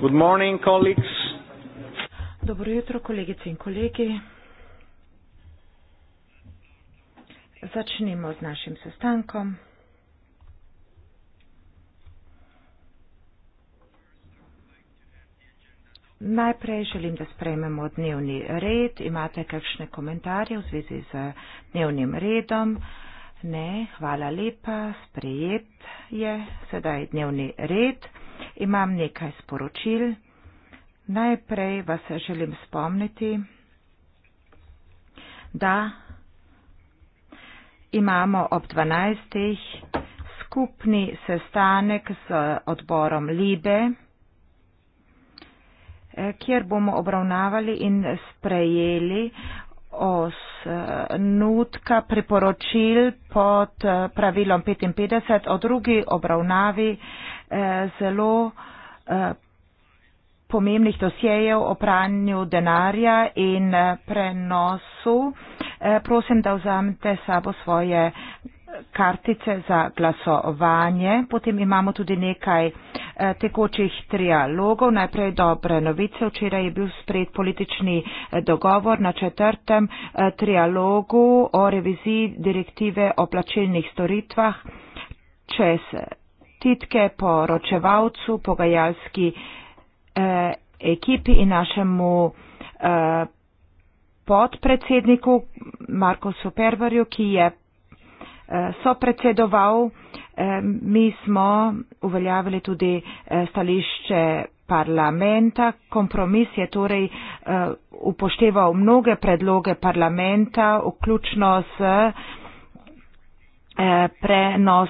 Good morning, colleagues. Dobro jutro, kolegice in kolegi. Začnimo z našim sestankom. Najprej želim, da sprejmemo dnevni red. Imate kakšne komentarje v zvezi z dnevnim redom? Ne, hvala lepa, sprejet je, sedaj dnevni red. Imam nekaj sporočil. Najprej vas želim spomniti, da imamo ob 12. skupni sestanek z odborom Libe, eh, kjer bomo obravnavali in sprejeli osnutka priporočil pod eh, pravilom 55 o drugi obravnavi eh, zelo eh, pomembnih dosjejev o pranju denarja in prenosu. Prosim, da vzamete sabo svoje kartice za glasovanje. Potem imamo tudi nekaj eh, tekočih trialogov. Najprej dobre novice. Včeraj je bil sprejet politični eh, dogovor na četrtem eh, trialogu o reviziji direktive o plačilnih storitvah čez titke po ročevalcu, pogajalski ekipi in našemu podpredsedniku Marko Superverju, ki je sopredsedoval. Eh, mi smo uveljavili tudi eh, stališče parlamenta. Kompromis je torej eh, upošteval mnoge predloge parlamenta, vključno s prenos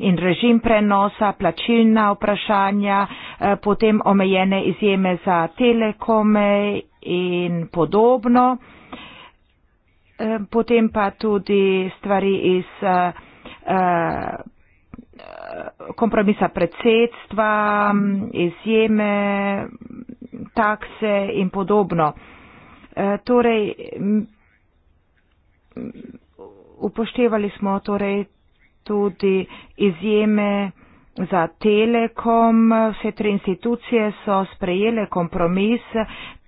in režim prenosa, plačilna vprašanja, potem omejene izjeme za telekome in podobno potem pa tudi stvari iz eh, eh, kompromisa predsedstva, izjeme, takse in podobno. Eh, torej, upoštevali smo torej tudi izjeme, za Telekom. Vse tri institucije so sprejele kompromis.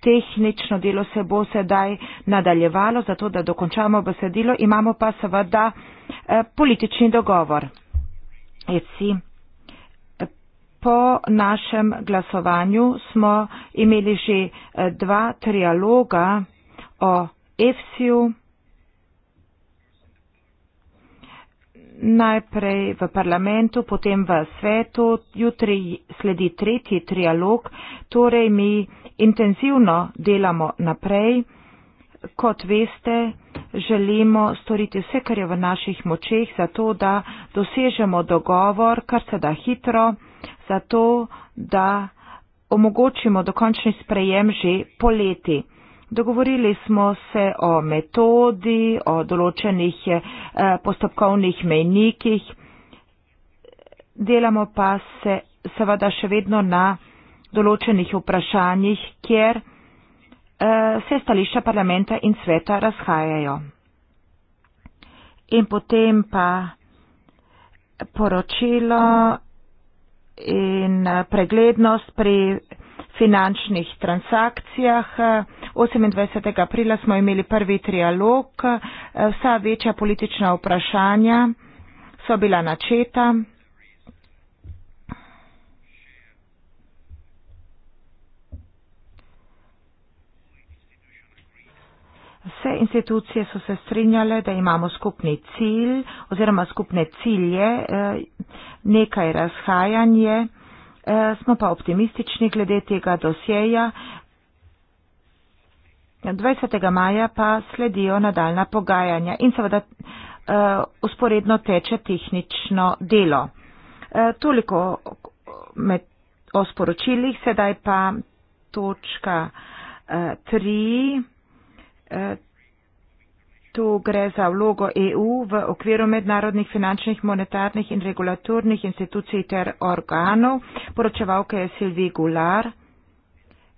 Tehnično delo se bo sedaj nadaljevalo, zato da dokončamo besedilo. Imamo pa seveda eh, politični dogovor. Eci. Eh, po našem glasovanju smo imeli že eh, dva trialoga o EFSI-u. najprej v parlamentu, potem v svetu, jutri sledi tretji trialog, torej mi intenzivno delamo naprej. Kot veste, želimo storiti vse, kar je v naših močeh, zato da dosežemo dogovor, kar se da hitro, zato da omogočimo dokončni sprejem že poleti. Dogovorili smo se o metodi, o določenih eh, postopkovnih menikih, delamo pa se seveda še vedno na določenih vprašanjih, kjer eh, se stališča parlamenta in sveta razhajajo. In potem pa poročilo in eh, preglednost pri finančnih transakcijah, 28. aprila smo imeli prvi trialog, vsa večja politična vprašanja so bila načeta. Vse institucije so se strinjale, da imamo skupni cilj oziroma skupne cilje, eh, nekaj razhajanje, eh, smo pa optimistični glede tega dosjeja, 20. maja pa sledijo nadaljna pogajanja in seveda uh, eh, usporedno teče tehnično delo. Uh, toliko med, o sporočilih, sedaj pa točka 3. Uh, eh, Tu gre za vlogo EU v okviru mednarodnih finančnih, monetarnih in regulatornih institucij ter organov, poročevalka je Silvi Gular.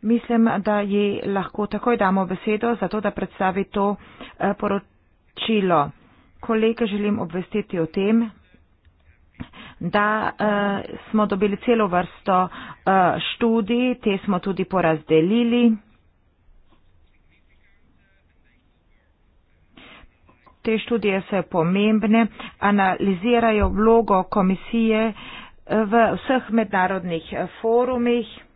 Mislim, da ji lahko takoj damo besedo, zato da predstavi to eh, poročilo. Kolege želim obvestiti o tem, da eh, smo dobili celo vrsto eh, študij, te smo tudi porazdelili. Te študije so pomembne, analizirajo vlogo komisije v vseh mednarodnih forumih.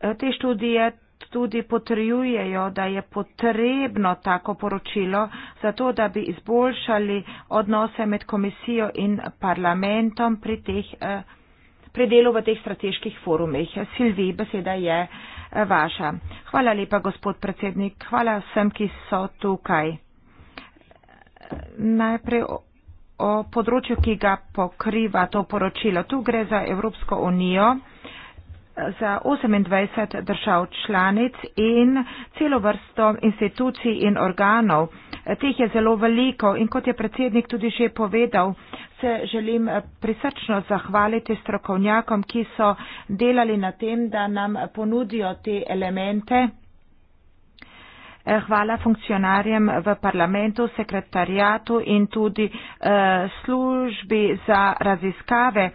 Eh, te študije tudi potrjujejo, da je potrebno tako poročilo, zato da bi izboljšali odnose med komisijo in parlamentom pri, teh, eh, pri delu v teh strateških forumih. Silvi, beseda je eh, vaša. Hvala lepa, gospod predsednik. Hvala vsem, ki so tukaj. Najprej o, o področju, ki ga pokriva to poročilo. Tu gre za Evropsko unijo za 28 držav članic in celo vrsto institucij in organov. Teh je zelo veliko in kot je predsednik tudi že povedal, se želim eh, prisrčno zahvaliti strokovnjakom, ki so delali na tem, da nam ponudijo te elemente. Eh, hvala funkcionarjem v parlamentu, sekretarjatu in tudi eh, službi za raziskave.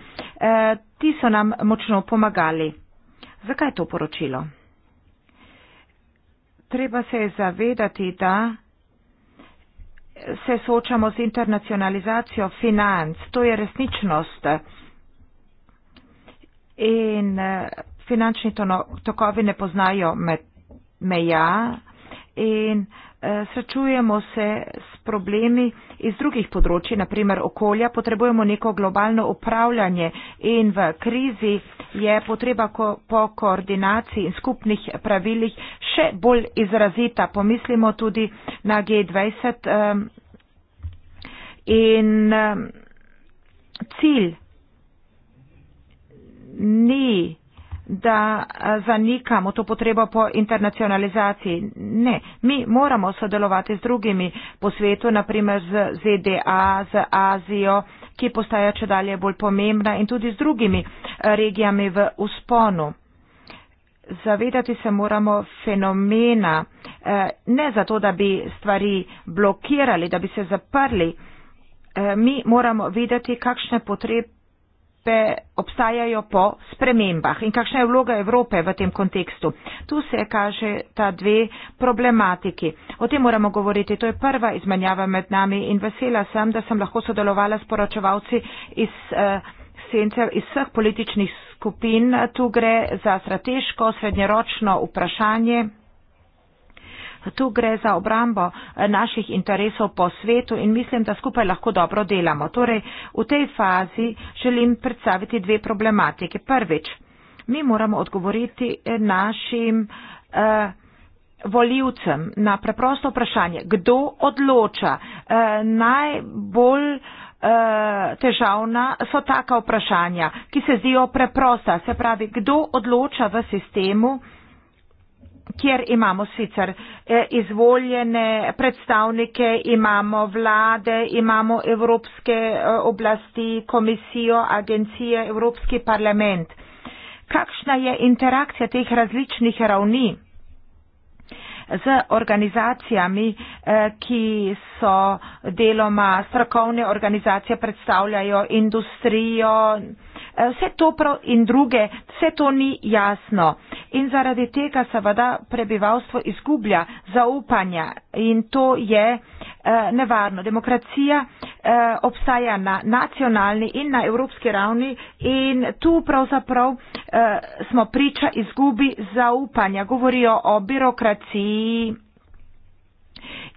Ti so nam močno pomagali. Zakaj to poročilo? Treba se je zavedati, da se soočamo z internacionalizacijo financ. To je resničnost. In eh, finančni tokovi ne poznajo meja. In Eh, srečujemo se s problemi iz drugih področji, naprimer okolja, potrebujemo neko globalno upravljanje in v krizi je potreba ko, po koordinaciji in skupnih pravilih še bolj izrazita. Pomislimo tudi na G20 um, eh, in um, cilj ni da eh, zanikamo to potrebo po internacionalizaciji. Ne, mi moramo sodelovati z drugimi po svetu, naprimer z ZDA, z Azijo, ki postaja če dalje bolj pomembna in tudi z drugimi eh, regijami v usponu. Zavedati se moramo fenomena, eh, ne zato, da bi stvari blokirali, da bi se zaprli. Mi moramo videti, kakšne potrebe Evrope obstajajo po spremembah in kakšna je vloga Evrope v tem kontekstu. Tu se kaže ta dve problematiki. O tem moramo govoriti. To je prva izmenjava med nami in vesela sem, da sem lahko sodelovala s poročevalci iz uh, eh, sencev iz vseh političnih skupin. Tu gre za strateško, srednjeročno vprašanje. Tu gre za obrambo eh, naših interesov po svetu in mislim, da skupaj lahko dobro delamo. Torej, v tej fazi želim predstaviti dve problematike. Prvič, mi moramo odgovoriti eh, našim eh, voljivcem na preprosto vprašanje, kdo odloča eh, najbolj eh, težavna so taka vprašanja, ki se zdijo preprosta, se pravi, kdo odloča v sistemu, kjer imamo sicer eh, izvoljene predstavnike, imamo vlade, imamo evropske eh, oblasti, komisijo, agencije, evropski parlament. Kakšna je interakcija teh različnih ravni z organizacijami, eh, ki so deloma strokovne organizacije, predstavljajo industrijo, vse to prav in druge, vse to ni jasno in zaradi tega seveda prebivalstvo izgublja zaupanja in to je eh, nevarno. Demokracija eh, obstaja na nacionalni in na evropski ravni in tu pravzaprav eh, smo priča izgubi zaupanja. Govorijo o birokraciji.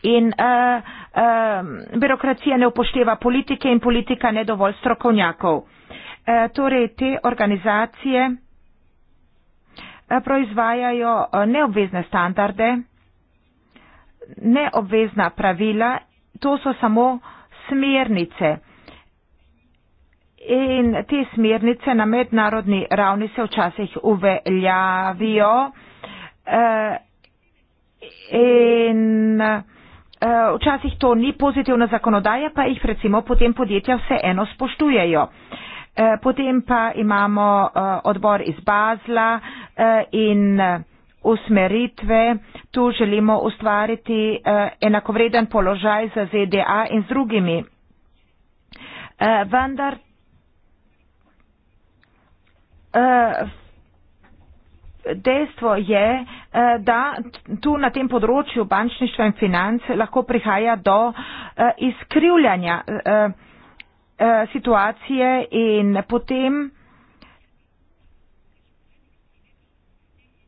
In uh, uh, birokracija ne upošteva politike in politika ne dovolj strokovnjakov. Uh, torej, te organizacije Eh, proizvajajo eh, neobvezne standarde, neobvezna pravila, to so samo smernice. In te smernice na mednarodni ravni se včasih uveljavijo eh, in včasih to ni pozitivna zakonodaja, pa jih recimo potem podjetja vseeno spoštujejo. Eh, potem pa imamo eh, odbor iz Bazla eh, in usmeritve. Tu želimo ustvariti enakovreden položaj za ZDA in z drugimi. Vendar dejstvo je, da tu na tem področju bančništva in finance lahko prihaja do izkrivljanja Eh, situacije in potem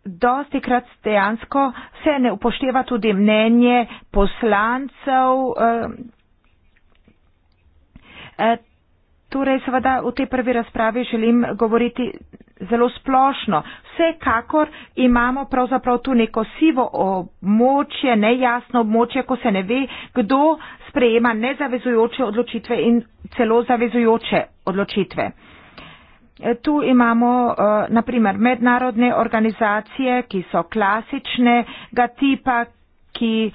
dosti krat dejansko se ne upošteva tudi mnenje poslancev. Eh, eh, torej, seveda v tej prvi razpravi želim govoriti zelo splošno. Vsekakor imamo pravzaprav tu neko sivo območje, nejasno območje, ko se ne ve, kdo sprejema nezavezujoče odločitve in celo zavezujoče odločitve. E, tu imamo e, naprimer mednarodne organizacije, ki so klasičnega tipa, ki e,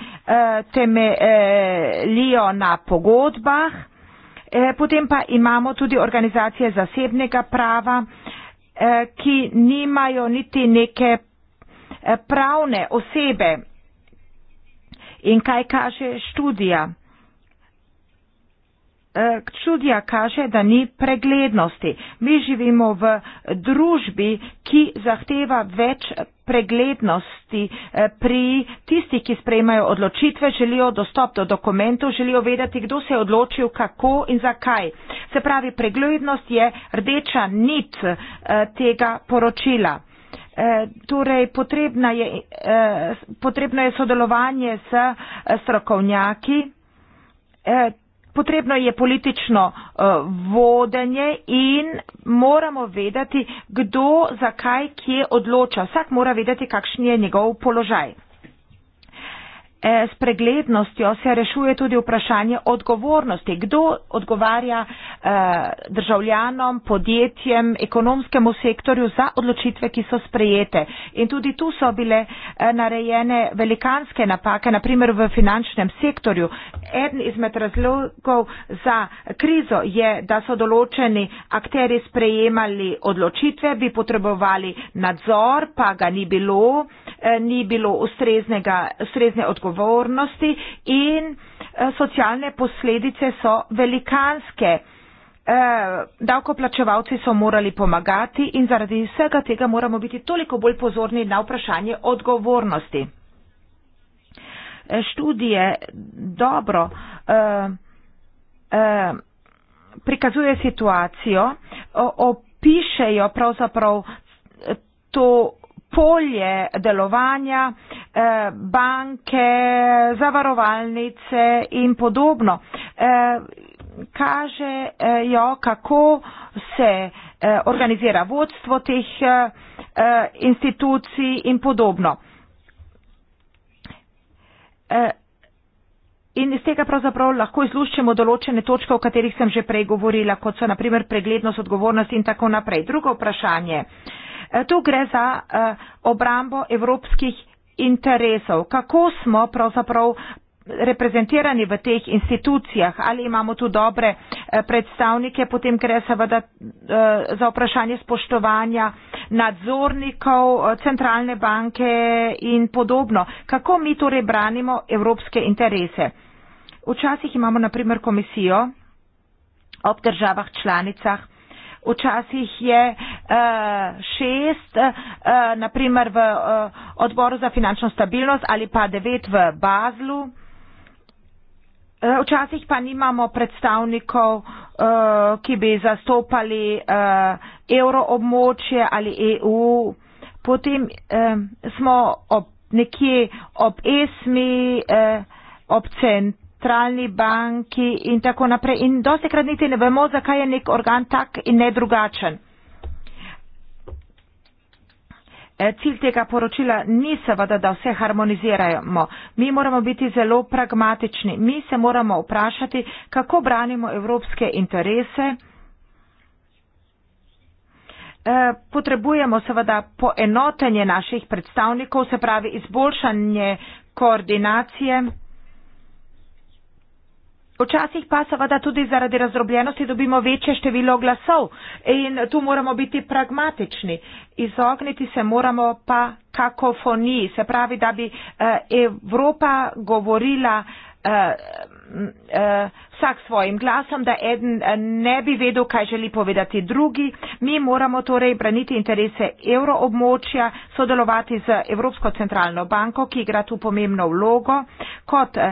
temelijo na pogodbah. Potem pa imamo tudi organizacije zasebnega prava, Eh, ki nimajo niti neke eh, pravne osebe. In kaj kaže študija? Eh, čudija kaže, da ni preglednosti. Mi živimo v družbi, ki zahteva več preglednosti eh, pri tistih, ki sprejmajo odločitve, želijo dostop do dokumentov, želijo vedeti, kdo se je odločil, kako in zakaj. Se pravi, preglednost je rdeča nit eh, tega poročila. Torej, potrebno je, potrebno je sodelovanje s strokovnjaki. Potrebno je politično eh, vodenje in moramo vedeti, kdo zakaj kje odloča. Vsak mora vedeti, kakšen je njegov položaj. Eh, s preglednostjo se rešuje tudi vprašanje odgovornosti. Kdo odgovarja Eh, državljanom, podjetjem, ekonomskemu sektorju za odločitve, ki so sprejete. In tudi tu so bile eh, narejene velikanske napake, naprimer v finančnem sektorju. Eden izmed razlogov za krizo je, da so določeni akteri sprejemali odločitve, bi potrebovali nadzor, pa ga ni bilo, eh, ni bilo ustrezne odgovornosti in socialne posledice so velikanske. Eh, davkoplačevalci so morali pomagati in zaradi vsega tega moramo biti toliko bolj pozorni na vprašanje odgovornosti. Eh, študije dobro eh, eh, prikazuje situacijo, opišejo pravzaprav eh, to polje delovanja eh, banke, zavarovalnice in podobno. Eh, kažejo, kako se eh, organizira vodstvo teh eh, institucij in podobno. Eh, in iz tega pravzaprav lahko izluščemo določene točke, o katerih sem že prej govorila, kot so naprimer preglednost, odgovornost in tako naprej. Drugo vprašanje. Tu gre za obrambo evropskih interesov. Kako smo pravzaprav reprezentirani v teh institucijah, ali imamo tu dobre eh, predstavnike, potem gre seveda eh, za vprašanje spoštovanja nadzornikov, eh, centralne banke in podobno. Kako mi torej branimo evropske interese? Včasih imamo na primer komisijo ob državah članicah, včasih je šest, naprimer v odboru za finančno stabilnost ali pa devet v Bazlu, Eh, včasih pa nimamo predstavnikov, eh, ki bi zastopali euroobmočje eh, ali EU. Potem smo ob nekje ob ESMI, ob centralni banki in tako naprej. In dosti krat niti ne vemo, zakaj je nek organ tak in ne drugačen. Eh, cilj tega poročila ni seveda, da vse harmonizirajmo. Mi moramo biti zelo pragmatični. Mi se moramo vprašati, kako branimo evropske interese. Eh, potrebujemo seveda poenotenje naših predstavnikov, se pravi izboljšanje koordinacije. Včasih pa seveda tudi zaradi razdrobljenosti dobimo večje število glasov in tu moramo biti pragmatični. Izogniti se moramo pa kakofoniji, se pravi, da bi eh, Evropa govorila uh, vsak svojim glasom, da eden eh, ne bi vedel, kaj želi povedati drugi. Mi moramo torej braniti interese evroobmočja, sodelovati z Evropsko centralno banko, ki igra tu pomembno vlogo kot uh,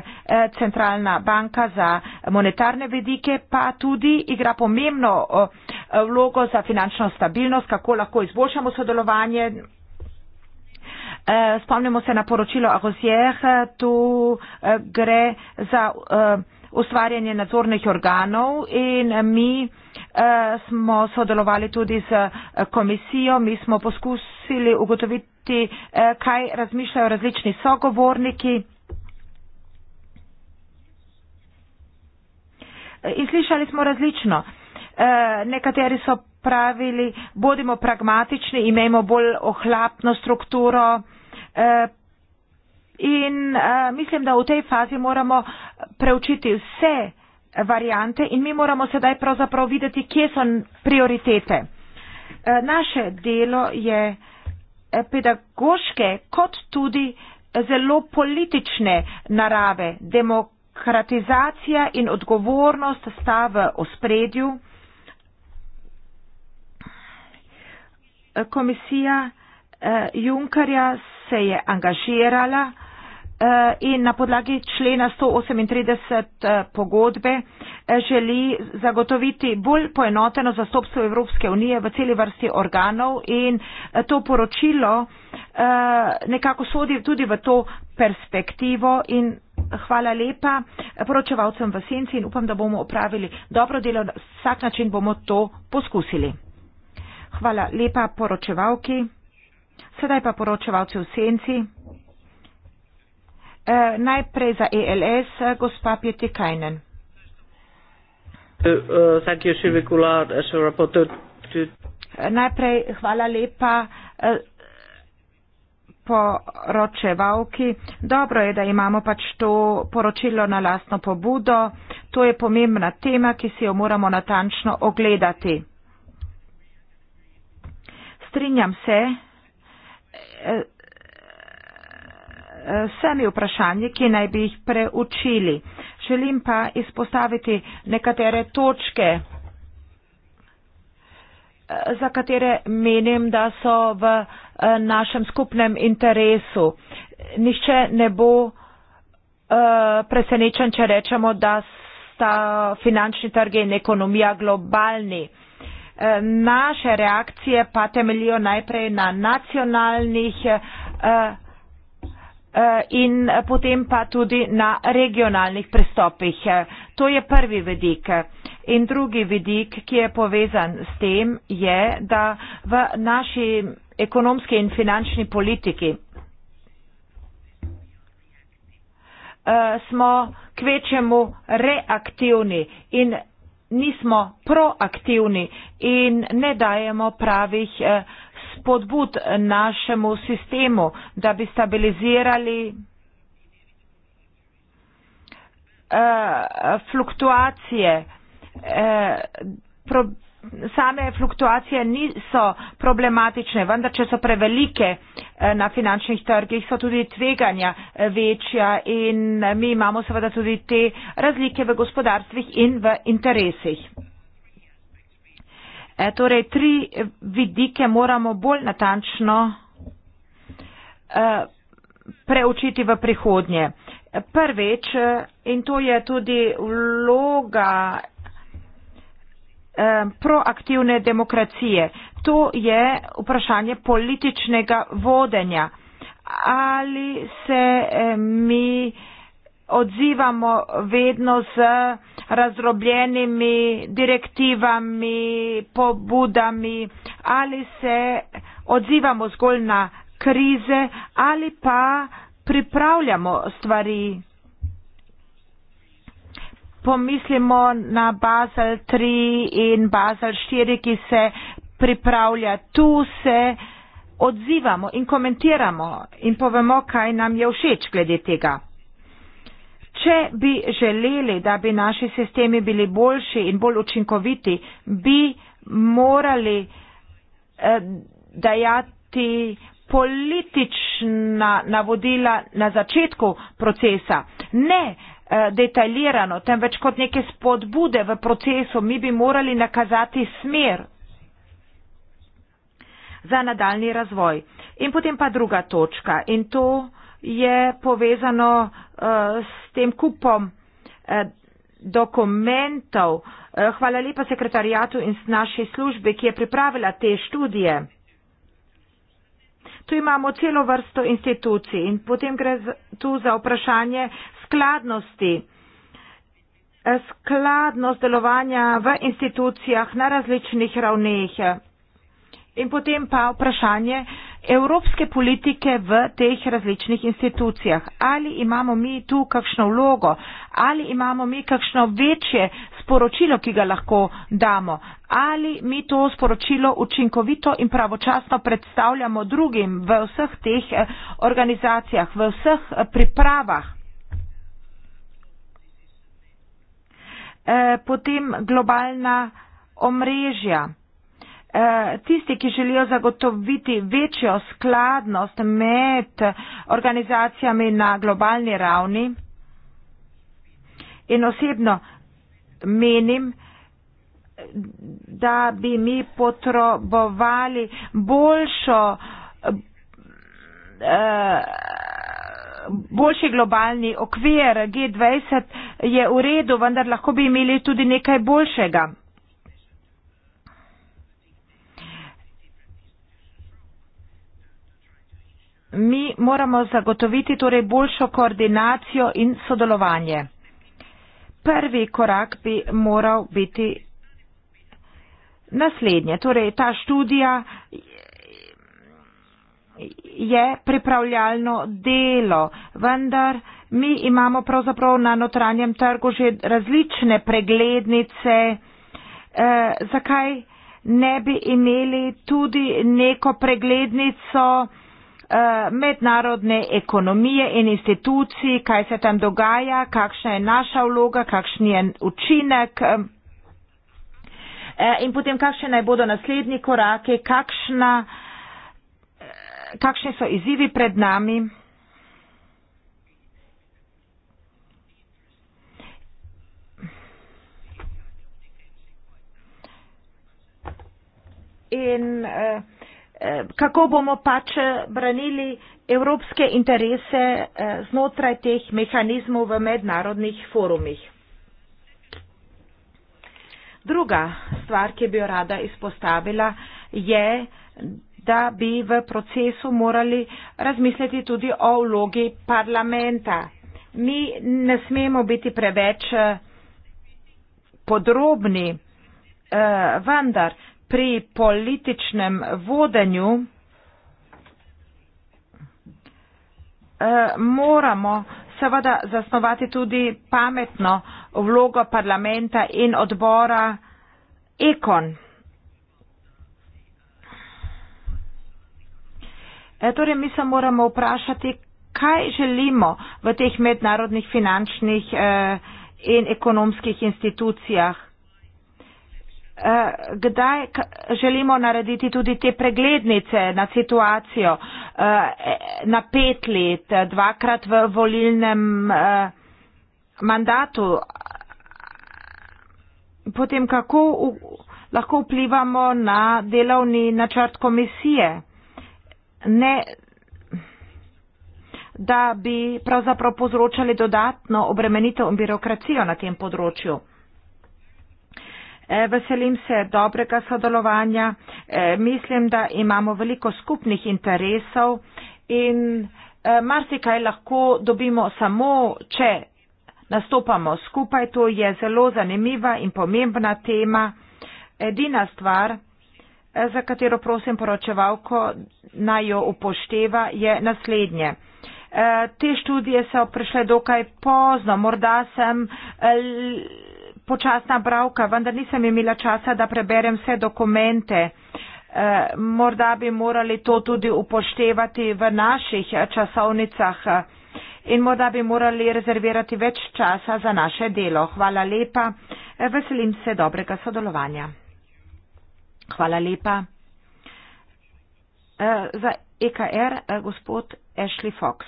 centralna banka za monetarne vedike, pa tudi igra pomembno uh, vlogo za finančno stabilnost, kako lahko izboljšamo sodelovanje Eh, spomnimo se na poročilo Agosier, eh, tu eh, gre za ustvarjanje nadzornih organov in mi smo sodelovali tudi z komisijo, mi smo poskusili ugotoviti, kaj razmišljajo različni sogovorniki. In slišali smo različno. Nekateri so pravili, bodimo pragmatični, imejmo bolj ohlapno strukturo. E, in e, mislim, da v tej fazi moramo preučiti vse variante in mi moramo sedaj pravzaprav videti, kje so prioritete. E, naše delo je pedagoške kot tudi zelo politične narave. Demokratizacija in odgovornost sta v ospredju. Komisija Junkarja se je angažirala eh, in na podlagi člena 138 eh, pogodbe eh, želi zagotoviti bolj poenoteno zastopstvo Evropske unije v celi vrsti organov in to poročilo nekako sodi tudi v to perspektivo in hvala lepa poročevalcem v senci in upam, da bomo opravili dobro delo, na vsak način bomo to poskusili. Hvala lepa poročevalki. Sedaj pa poročevalci v senci. E, najprej za ELS, eh, gospa Pjeti Kajnen. Eh, najprej hvala lepa poročevalki. Dobro je, da imamo pač to poročilo na lastno pobudo. To je pomembna tema, ki si jo moramo natančno ogledati. Strinjam se, vsemi vprašanji, ki naj bi jih preučili. Želim pa izpostaviti nekatere točke, za katere menim, da so v našem skupnem interesu. Nihče ne bo eh, presenečen, če rečemo, da sta finančni trgi in ekonomija globalni naše reakcije pa temeljijo najprej na nacionalnih eh, eh, in potem pa tudi na regionalnih prestopih. To je prvi vedik. In drugi vedik, ki je povezan s tem, je, da v naši ekonomski in finančni politiki eh, smo kvečemu reaktivni in nismo proaktivni in ne dajemo pravih eh, spodbud našemu sistemu, da bi stabilizirali eh, fluktuacije, eh, same fluktuacije niso problematične, vendar če so prevelike eh, na finančnih trgih, so tudi tveganja eh, večja in eh, mi imamo seveda tudi te razlike v gospodarstvih in v interesih. Torej, tri vidike moramo bolj natančno preučiti v prihodnje. Prvič, in to je tudi vloga Eh, proaktivne demokracije. To je vprašanje političnega vodenja. Ali se eh, mi odzivamo vedno z razdrobljenimi direktivami, pobudami, ali se odzivamo zgolj na krize, ali pa pripravljamo stvari pomislimo na Basel 3 in Basel 4, ki se pripravlja. Tu se odzivamo in komentiramo in povemo, kaj nam je všeč glede tega. Če bi želeli, da bi naši sistemi bili boljši in bolj učinkoviti, bi morali eh, dajati politična navodila na začetku procesa. Ne, Eh, detaljirano, temveč kot neke spodbude v procesu, mi bi morali nakazati smer za nadaljni razvoj. In potem pa druga točka in to je povezano uh, s tem kupom uh, dokumentov. Uh, hvala lepa sekretarijatu in naši službi, ki je pripravila te študije. Tu imamo celo vrsto institucij in potem gre tu za vprašanje skladnosti, skladnost delovanja v institucijah na različnih ravneh. In potem pa vprašanje evropske politike v teh različnih institucijah. Ali imamo mi tu kakšno vlogo, ali imamo mi kakšno večje sporočilo, ki ga lahko damo, ali mi to sporočilo učinkovito in pravočasno predstavljamo drugim v vseh teh eh, organizacijah, v vseh eh, pripravah. Eh, potem globalna omrežja. Eh, tisti, ki želijo zagotoviti večjo skladnost med organizacijami na globalni ravni in osebno menim, da bi mi potrebovali boljšo. Eh, boljši globalni okvir G20 je v redu, vendar lahko bi imeli tudi nekaj boljšega. Mi moramo zagotoviti torej boljšo koordinacijo in sodelovanje. Prvi korak bi moral biti naslednje. Torej, ta študija je pripravljalno delo, vendar mi imamo pravzaprav na notranjem trgu že različne preglednice, e, zakaj ne bi imeli tudi neko preglednico e, mednarodne ekonomije in institucij, kaj se tam dogaja, kakšna je naša vloga, kakšen je učinek. E, In potem kakšne naj bodo naslednji korake, kakšna kakšni so izzivi pred nami in eh, eh, kako bomo pač branili evropske interese eh, znotraj teh mehanizmov v mednarodnih forumih. Druga stvar, ki bi jo rada izpostavila, je, da bi v procesu morali razmisliti tudi o vlogi parlamenta. Mi ne smemo biti preveč eh, podrobni, eh, vendar pri političnem vodenju eh, moramo seveda zasnovati tudi pametno vlogo parlamenta in odbora ekon. E, torej, mi se moramo vprašati, kaj želimo v teh mednarodnih finančnih e, in ekonomskih institucijah. E, kdaj želimo narediti tudi te preglednice na situacijo e, e, na pet let, dvakrat v volilnem e, mandatu. Potem, kako v, lahko vplivamo na delovni načrt komisije? ne, da bi pravzaprav povzročali dodatno obremenitev in birokracijo na tem področju. E, veselim se dobrega sodelovanja, e, mislim, da imamo veliko skupnih interesov in e, marsikaj lahko dobimo samo, če nastopamo skupaj. To je zelo zanimiva in pomembna tema. Edina stvar, za katero prosim poročevalko naj jo upošteva, je naslednje. E, te študije so prišle dokaj pozno, morda sem e, počasna bravka, vendar nisem imela časa, da preberem vse dokumente. E, morda bi morali to tudi upoštevati v naših časovnicah in morda bi morali rezervirati več časa za naše delo. Hvala lepa, veselim se dobrega sodelovanja. Hvala lepa. Uh, za EKR, uh, eh, gospod Ashley Fox.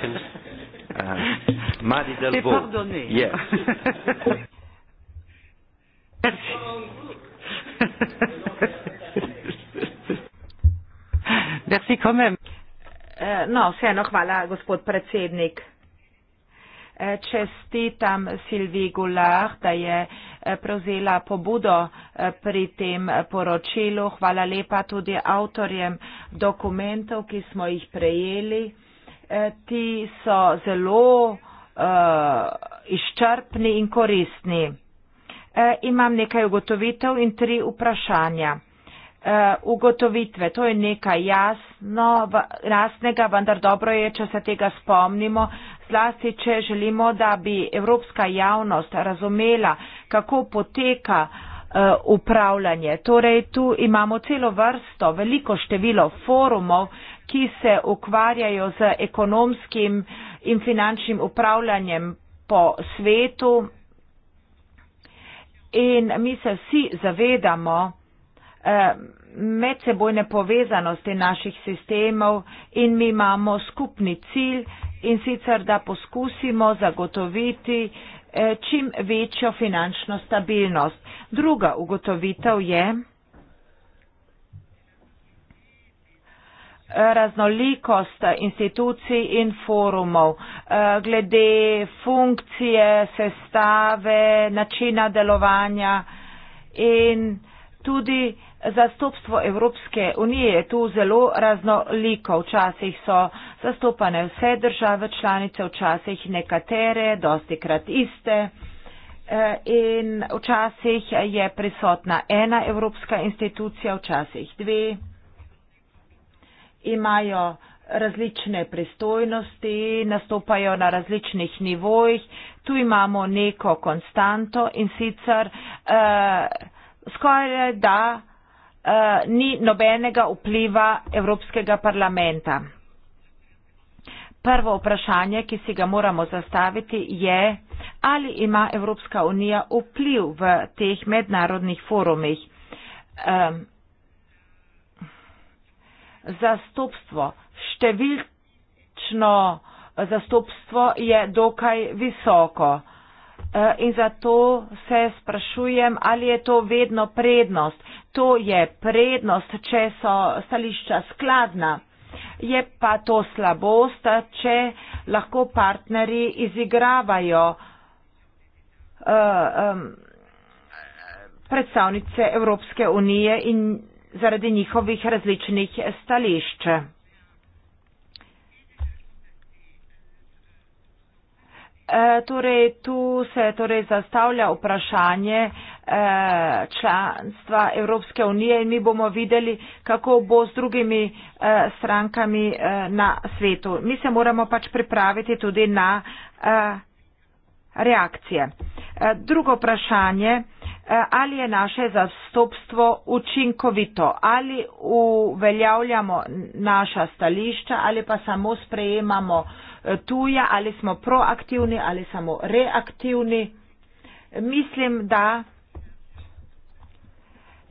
Uh, Merci quand même. Eh, no, vseeno hvala, gospod predsednik. Čestitam Silvi Gular, da je eh, prevzela pobudo eh, pri tem eh, poročilu. Hvala lepa tudi avtorjem dokumentov, ki smo jih prejeli. Ti so zelo uh, izčrpni in koristni. Imam nekaj ugotovitev in tri vprašanja. Eh, ugotovitve. To je nekaj jasno, jasnega, vendar dobro je, če se tega spomnimo, zlasti, če želimo, da bi evropska javnost razumela, kako poteka eh, upravljanje. Torej, tu imamo celo vrsto, veliko število forumov, ki se ukvarjajo z ekonomskim in finančnim upravljanjem po svetu. In mi se vsi zavedamo, Eh, medsebojne povezanosti naših sistemov in mi imamo skupni cilj in sicer, da poskusimo zagotoviti eh, čim večjo finančno stabilnost. Druga ugotovitev je eh, raznolikost institucij in forumov glede funkcije, sestave, načina delovanja in tudi Zastopstvo Evropske unije je tu zelo raznoliko, včasih so zastopane vse države članice, včasih nekatere, dosti krat iste e, in včasih je prisotna ena evropska institucija, včasih dve, imajo različne pristojnosti, nastopajo na različnih nivojih, tu imamo neko konstanto in sicer eh, skoraj da Eh, ni nobenega vpliva Evropskega parlamenta. Prvo vprašanje, ki si ga moramo zastaviti, je, ali ima Evropska unija vpliv v teh mednarodnih forumih. Um, zastopstvo, številčno zastopstvo je dokaj visoko uh, in zato se sprašujem, ali je to vedno prednost to je prednost, če so stališča skladna. Je pa to slabost, če lahko partnerji izigravajo uh, um, predstavnice Evropske unije in zaradi njihovih različnih stališče. E, torej, tu se torej zastavlja vprašanje e, članstva Evropske unije in mi bomo videli, kako bo z drugimi e, strankami na svetu. Mi se moramo pač pripraviti tudi na reakcije. Drugo vprašanje, ali je naše zastopstvo učinkovito, ali uveljavljamo naša stališča ali pa samo sprejemamo tuja, ali smo proaktivni ali samo reaktivni. Mislim, da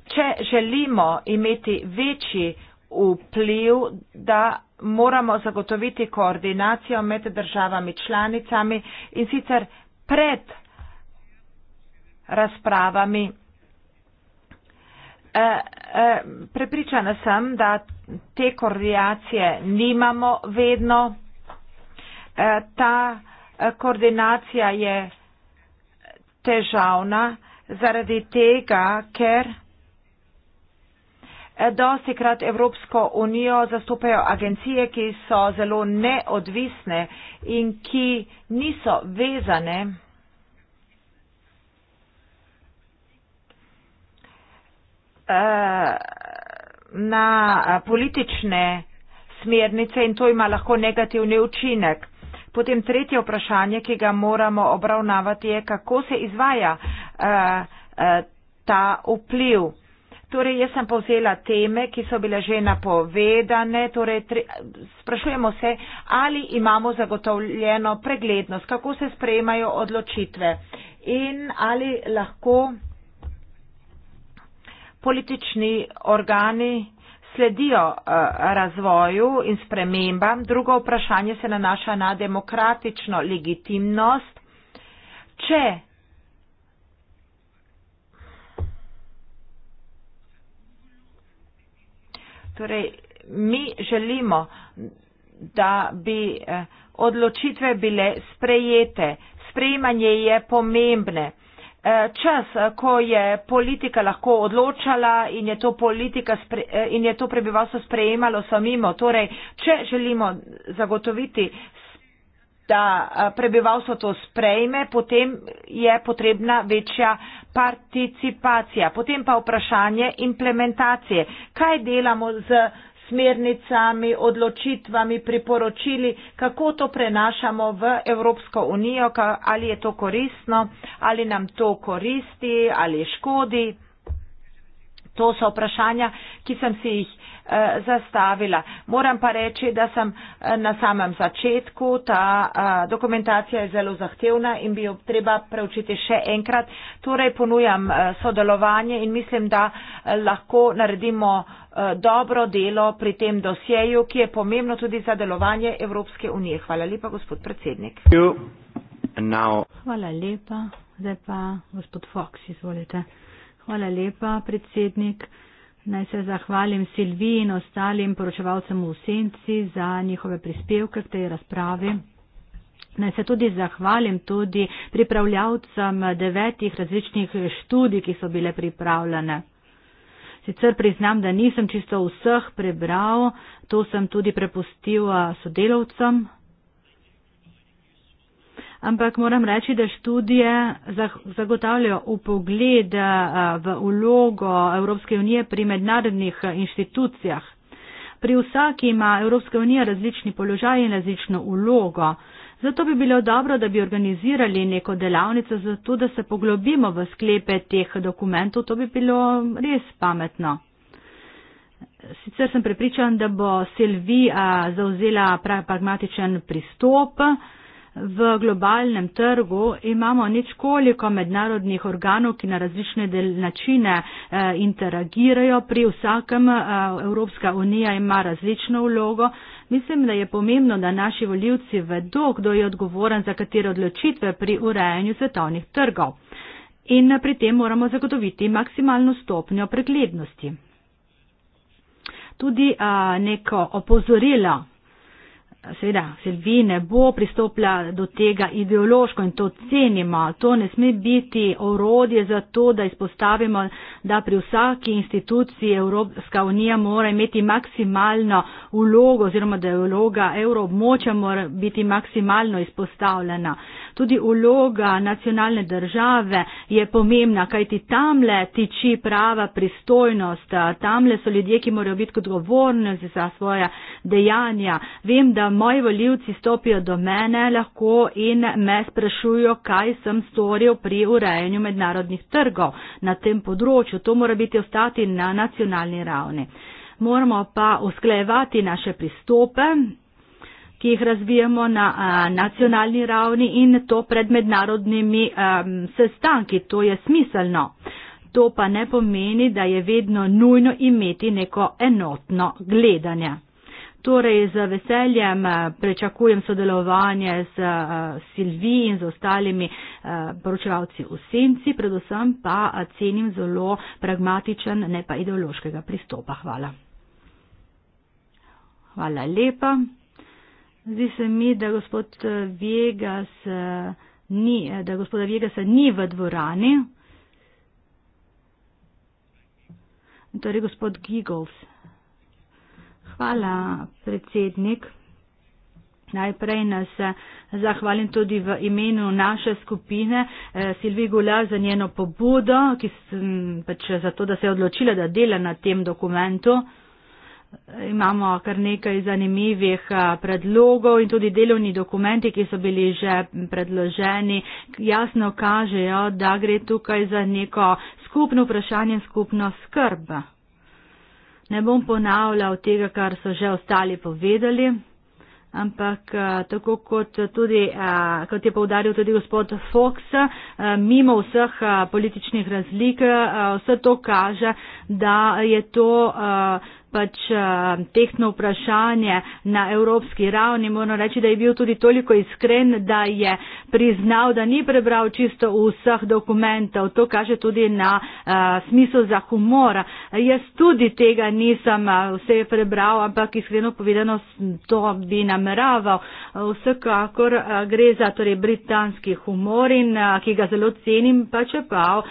če želimo imeti večji vpliv, da moramo zagotoviti koordinacijo med državami članicami in sicer pred razpravami. E, e, prepričana sem, da te koordinacije nimamo vedno. Eh, ta eh, koordinacija je težavna zaradi tega, ker eh, dosti krat Evropsko unijo zastopajo agencije, ki so zelo neodvisne in ki niso vezane na politične smernice in to ima lahko negativni učinek. Potem tretje vprašanje, ki ga moramo obravnavati, je, kako se izvaja uh, uh, ta vpliv. Torej, jaz sem povzela teme, ki so bile že napovedane. Torej, tri, sprašujemo se, ali imamo zagotovljeno preglednost, kako se sprejemajo odločitve in ali lahko politični organi uh, sledijo eh, razvoju in spremembam. Drugo vprašanje se nanaša na demokratično legitimnost. Če torej, mi želimo, da bi eh, odločitve bile sprejete, sprejemanje je pomembne čas, ko je politika lahko odločala in je to, politika, eh, in je to prebivalstvo sprejemalo samimo. Torej, če želimo zagotoviti, da eh, prebivalstvo to sprejme, potem je potrebna večja participacija. Potem pa vprašanje implementacije. Kaj delamo z smernicami, odločitvami, priporočili, kako to prenašamo v Evropsko unijo, ali je to koristno, ali nam to koristi, ali škodi. To so vprašanja, ki sem si jih Eh, zastavila. Moram pa reči, da sem eh, na samem začetku, ta eh, dokumentacija je zelo zahtevna in bi jo treba preučiti še enkrat. Torej ponujam sodelovanje in mislim, da lahko naredimo dobro delo pri tem dosjeju, ki je pomembno tudi za delovanje Evropske unije. Hvala lepa, gospod predsednik. Hvala lepa. Zdaj pa gospod Fox, izvolite. Hvala lepa, predsednik. Naj se zahvalim Silviji in ostalim poročevalcem v senci za njihove prispevke k tej razpravi. Naj se tudi zahvalim tudi pripravljavcem devetih različnih študij, ki so bile pripravljene. Sicer priznam, da nisem čisto vseh prebral, to sem tudi prepustil sodelovcem, ampak moram reči, da študije zagotavljajo upogled eh, v ulogo Evropske unije pri mednarodnih eh, inštitucijah. Pri vsaki ima Evropska unija različni položaj in različno ulogo. Zato bi bilo dobro, da bi organizirali neko delavnico, zato da se poglobimo v sklepe teh dokumentov. To bi bilo res pametno. Sicer sem prepričan, da bo Silvija eh, zauzela pragmatičen pristop v globalnem trgu imamo ničkoliko mednarodnih organov, ki na različne načine eh, interagirajo. Pri vsakem eh, Evropska unija ima različno vlogo. Mislim, da je pomembno, da naši voljivci vedo, kdo je odgovoren za katere odločitve pri urejanju svetovnih trgov. In pri tem moramo zagotoviti maksimalno stopnjo preglednosti. Tudi eh, neko opozorilo seveda Silvi ne bo pristopila do tega ideološko in to cenimo. To ne sme biti orodje za to, da izpostavimo, da pri vsaki instituciji Evropska unija mora imeti maksimalno vlogo oziroma da je vloga evroobmoča mora biti maksimalno izpostavljena. Tudi vloga nacionalne države je pomembna, kajti tamle tiči prava pristojnost, tamle so ljudje, ki morajo biti odgovorni za svoje dejanja. Vem, moji voljivci stopijo do mene lahko in me sprašujo, kaj sem storil pri urejanju mednarodnih trgov na tem področju. To mora biti ostati na nacionalni ravni. Moramo pa usklejevati naše pristope ki jih razvijamo na a, nacionalni ravni in to pred mednarodnimi a, sestanki. To je smiselno. To pa ne pomeni, da je vedno nujno imeti neko enotno gledanje. Torej, z veseljem eh, prečakujem sodelovanje z eh, Silvi in z ostalimi eh, poročevalci v senci, predvsem pa cenim zelo pragmatičen, ne pa ideološkega pristopa. Hvala. Hvala lepa. Zdi se mi, da gospod Vegas ni, da gospoda Vegasa ni v dvorani. Torej, gospod Giggles. Hvala, predsednik. Najprej nas eh, zahvalim tudi v imenu naše skupine eh, Silvi Gular za njeno pobudo, ki sem pač zato, da se je odločila, da dela na tem dokumentu. Imamo kar nekaj zanimivih eh, predlogov in tudi delovni dokumenti, ki so bili že predloženi, jasno kažejo, da gre tukaj za neko skupno vprašanje, skupno skrb ne bom ponavljal tega, kar so že ostali povedali, ampak eh, tako kot, tudi, eh, kot je povdaril tudi gospod Fox, eh, mimo vseh političnih razlik, vse to kaže, da je to pač uh, tehtno vprašanje na evropski ravni. Moram reči, da je bil tudi toliko iskren, da je priznal, da ni prebral čisto vseh dokumentov. To kaže tudi na uh, eh, smislu za humor. Jaz tudi tega nisem eh, vse prebral, ampak iskreno povedano, to bi nameraval. Vsekakor uh, gre za torej, britanski humor in uh, ki ga zelo cenim, pa čeprav uh,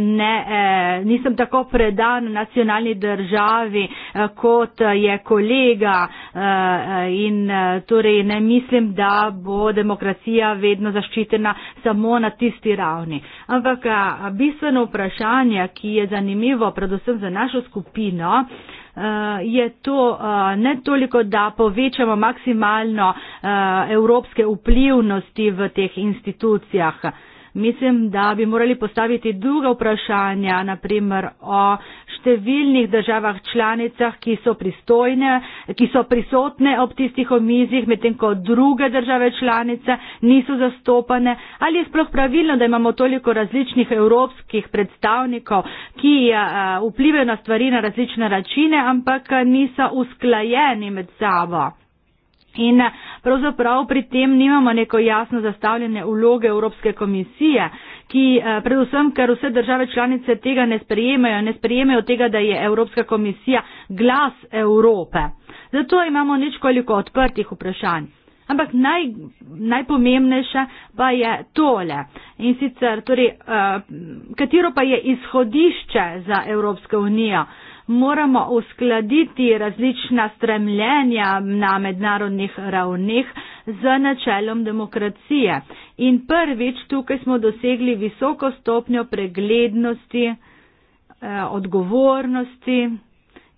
ne, eh, nisem tako predan nacionalni državi. Eh, kot eh, je kolega eh, in torej ne mislim, da bo demokracija vedno zaščitena samo na tisti ravni. Ampak bistveno vprašanje, ki je zanimivo predvsem za našo skupino, je to ne toliko, da povečamo maksimalno evropske vplivnosti v teh institucijah mislim, da bi morali postaviti druga vprašanja, naprimer o številnih državah članicah, ki so, ki so prisotne ob tistih omizjih, medtem ko druge države članice niso zastopane. Ali je sploh pravilno, da imamo toliko različnih evropskih predstavnikov, ki eh, vplivajo na stvari na različne račine, ampak niso usklajeni med sabo? In pravzaprav pri tem nimamo neko jasno zastavljene vloge Evropske komisije, ki eh, predvsem, ker vse države članice tega ne sprejemajo, ne sprejemajo tega, da je Evropska komisija glas Evrope. Zato imamo nekoliko odprtih vprašanj. Ampak naj, najpomembnejše pa je tole. In sicer, torej, eh, katero pa je izhodišče za Evropsko unijo? moramo uskladiti različna stremljenja na mednarodnih ravneh z načelom demokracije. In prvič tukaj smo dosegli visoko stopnjo preglednosti, eh, odgovornosti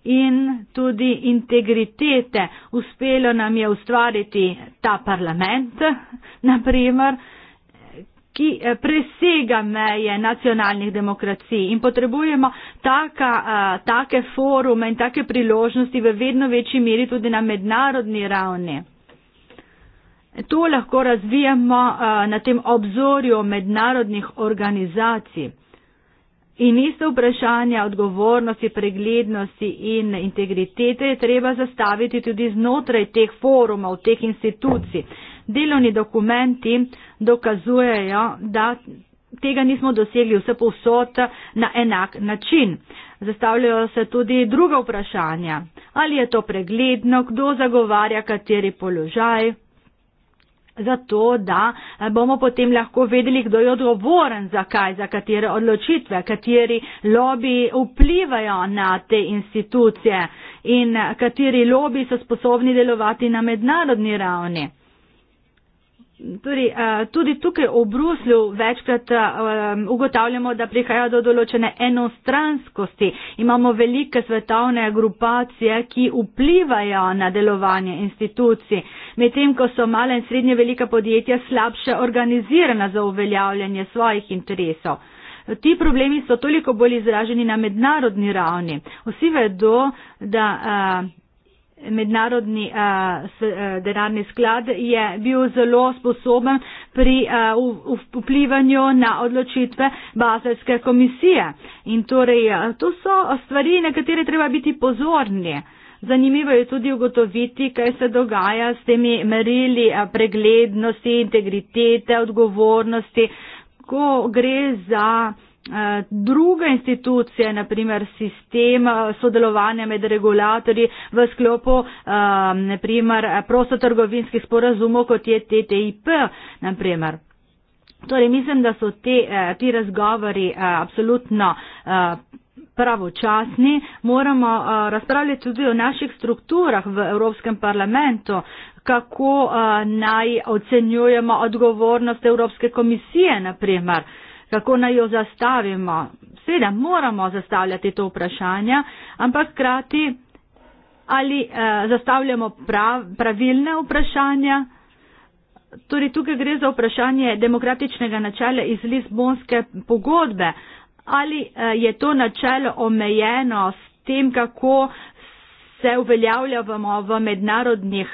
in tudi integritete. Uspelo nam je ustvariti ta parlament, naprimer ki eh, presega meje nacionalnih demokracij in potrebujemo taka, eh, take forume in take priložnosti v vedno večji meri tudi na mednarodni ravni. To lahko razvijamo eh, na tem obzorju mednarodnih organizacij. In isto vprašanje odgovornosti, preglednosti in integritete je treba zastaviti tudi znotraj teh forumov, teh institucij delovni dokumenti dokazujejo, da tega nismo dosegli vse povsod na enak način. Zastavljajo se tudi druga vprašanja. Ali je to pregledno, kdo zagovarja kateri položaj? Zato, da bomo potem lahko vedeli, kdo je odgovoren za kaj, za katere odločitve, kateri lobiji vplivajo na te institucije in kateri lobiji so sposobni delovati na mednarodni ravni. Tudi, torej, eh, tudi tukaj v Bruslju večkrat eh, ugotavljamo, da prihaja do določene enostranskosti. Imamo velike svetovne grupacije, ki vplivajo na delovanje institucij, medtem ko so mala in srednje velika podjetja slabše organizirana za uveljavljanje svojih interesov. Ti problemi so toliko bolj izraženi na mednarodni ravni. Vsi vedo, da eh, mednarodni eh, eh, denarni sklad je bil zelo sposoben pri eh, vplivanju na odločitve bazelske komisije. In torej, to so stvari, na katere treba biti pozorni. Zanimivo je tudi ugotoviti, kaj se dogaja s temi merili preglednosti, integritete, odgovornosti, ko gre za Eh, druge institucije, naprimer sistem eh, sodelovanja med regulatorji v sklopu eh, naprimer prostotrgovinskih sporazumov, kot je TTIP, naprimer. Torej, mislim, da so te, ti razgovori absolutno pravočasni. Moramo razpravljati tudi o naših strukturah v Evropskem parlamentu kako uh, naj ocenjujemo odgovornost Evropske komisije, naprimer. Uh, kako naj jo zastavimo. Seveda moramo zastavljati to vprašanje, ampak krati ali eh, zastavljamo prav, pravilne vprašanja. Tudi torej, tukaj gre za vprašanje demokratičnega načela iz Lizbonske pogodbe. Ali eh, je to načelo omejeno s tem, kako se uveljavljamo v mednarodnih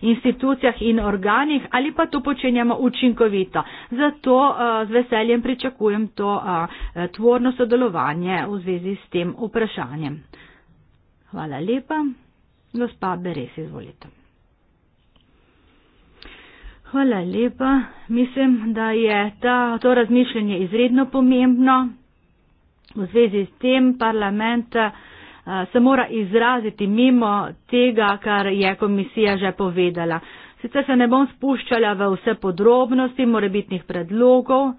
institucijah in organih ali pa to počenjamo učinkovito. Zato z veseljem pričakujem to tvorno sodelovanje v zvezi s tem vprašanjem. Hvala lepa. Gospa Beres, izvolite. Hvala lepa. Mislim, da je ta, to razmišljanje izredno pomembno. V zvezi s tem parlament. Uh, se mora izraziti mimo tega, kar je komisija že povedala. Sicer se ne bom spuščala v vse podrobnosti morebitnih predlogov,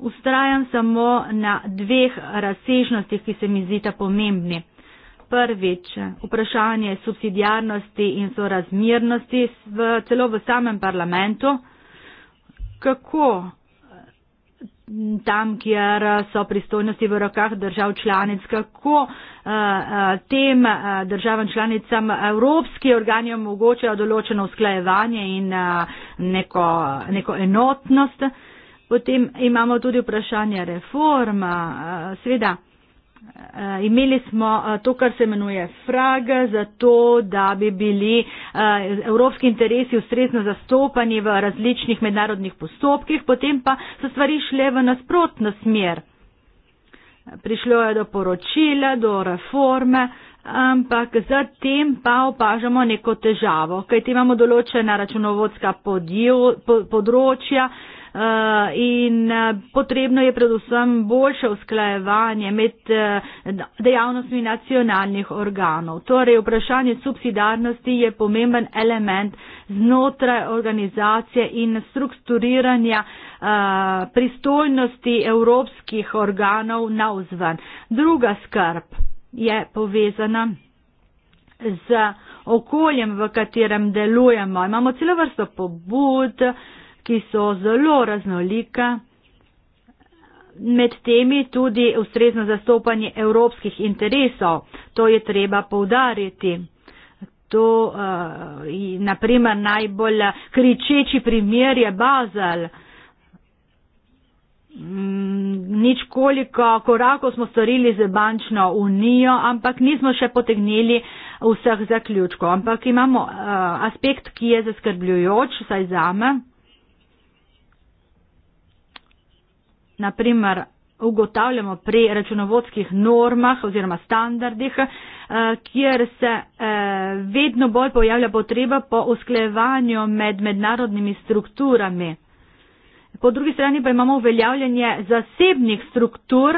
ustrajam samo na dveh razsežnostih, ki se mi zdita pomembni. Prvič, vprašanje subsidijarnosti in sorazmernosti v, celo v samem parlamentu. Kako tam, kjer eh, so pristojnosti v rokah držav članic, kako eh, eh, tem državam članicam evropski organi omogočajo določeno usklajevanje in neko, neko enotnost. Potem imamo tudi vprašanje reforma. Sveda, Eh, imeli smo eh, to, kar se imenuje frag, zato da bi bili eh, evropski interesi ustrezno zastopani v različnih mednarodnih postopkih, potem pa so stvari šle v nasprotno smer. Prišlo je do poročila, do reforme, ampak zatem pa opažamo neko težavo, kajti imamo določena računovodska podjo, po, področja, Eh, in eh, potrebno je predvsem boljše usklajevanje med eh, dejavnostmi nacionalnih organov. Torej, vprašanje subsidarnosti je pomemben element znotraj organizacije in strukturiranja pristojnosti evropskih organov na vzven. Druga skrb je povezana z okoljem, v katerem delujemo. Imamo celo vrsto pobud, uh, ki so zelo raznolika, med temi tudi ustrezno zastopanje evropskih interesov. To je treba povdariti. To uh, eh, je naprimer najbolj kričeči primer je Bazel. Mm, nič koliko korakov smo storili z bančno unijo, ampak nismo še potegnili vseh zaključkov. Ampak imamo uh, aspekt, ki je zaskrbljujoč, saj zame. naprimer ugotavljamo pri računovodskih normah oziroma standardih, eh, kjer se eh, vedno bolj pojavlja potreba po usklejevanju med mednarodnimi strukturami. Po drugi strani pa imamo uveljavljanje zasebnih struktur,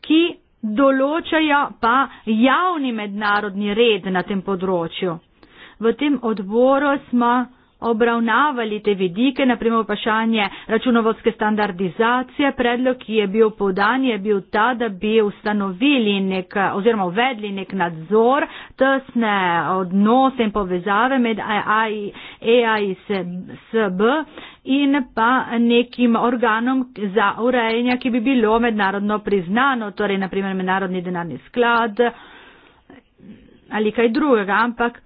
ki določajo pa javni mednarodni red na tem področju. V tem odboru smo obravnavali te vidike, naprimer vprašanje računovodske standardizacije. Predlog, ki je bil podan, je bil ta, da bi ustanovili nek oziroma uvedli nek nadzor, tesne odnose in povezave med AIESB in pa nekim organom za urejanje, ki bi bilo mednarodno priznano, torej naprimer mednarodni denarni sklad ali kaj drugega, ampak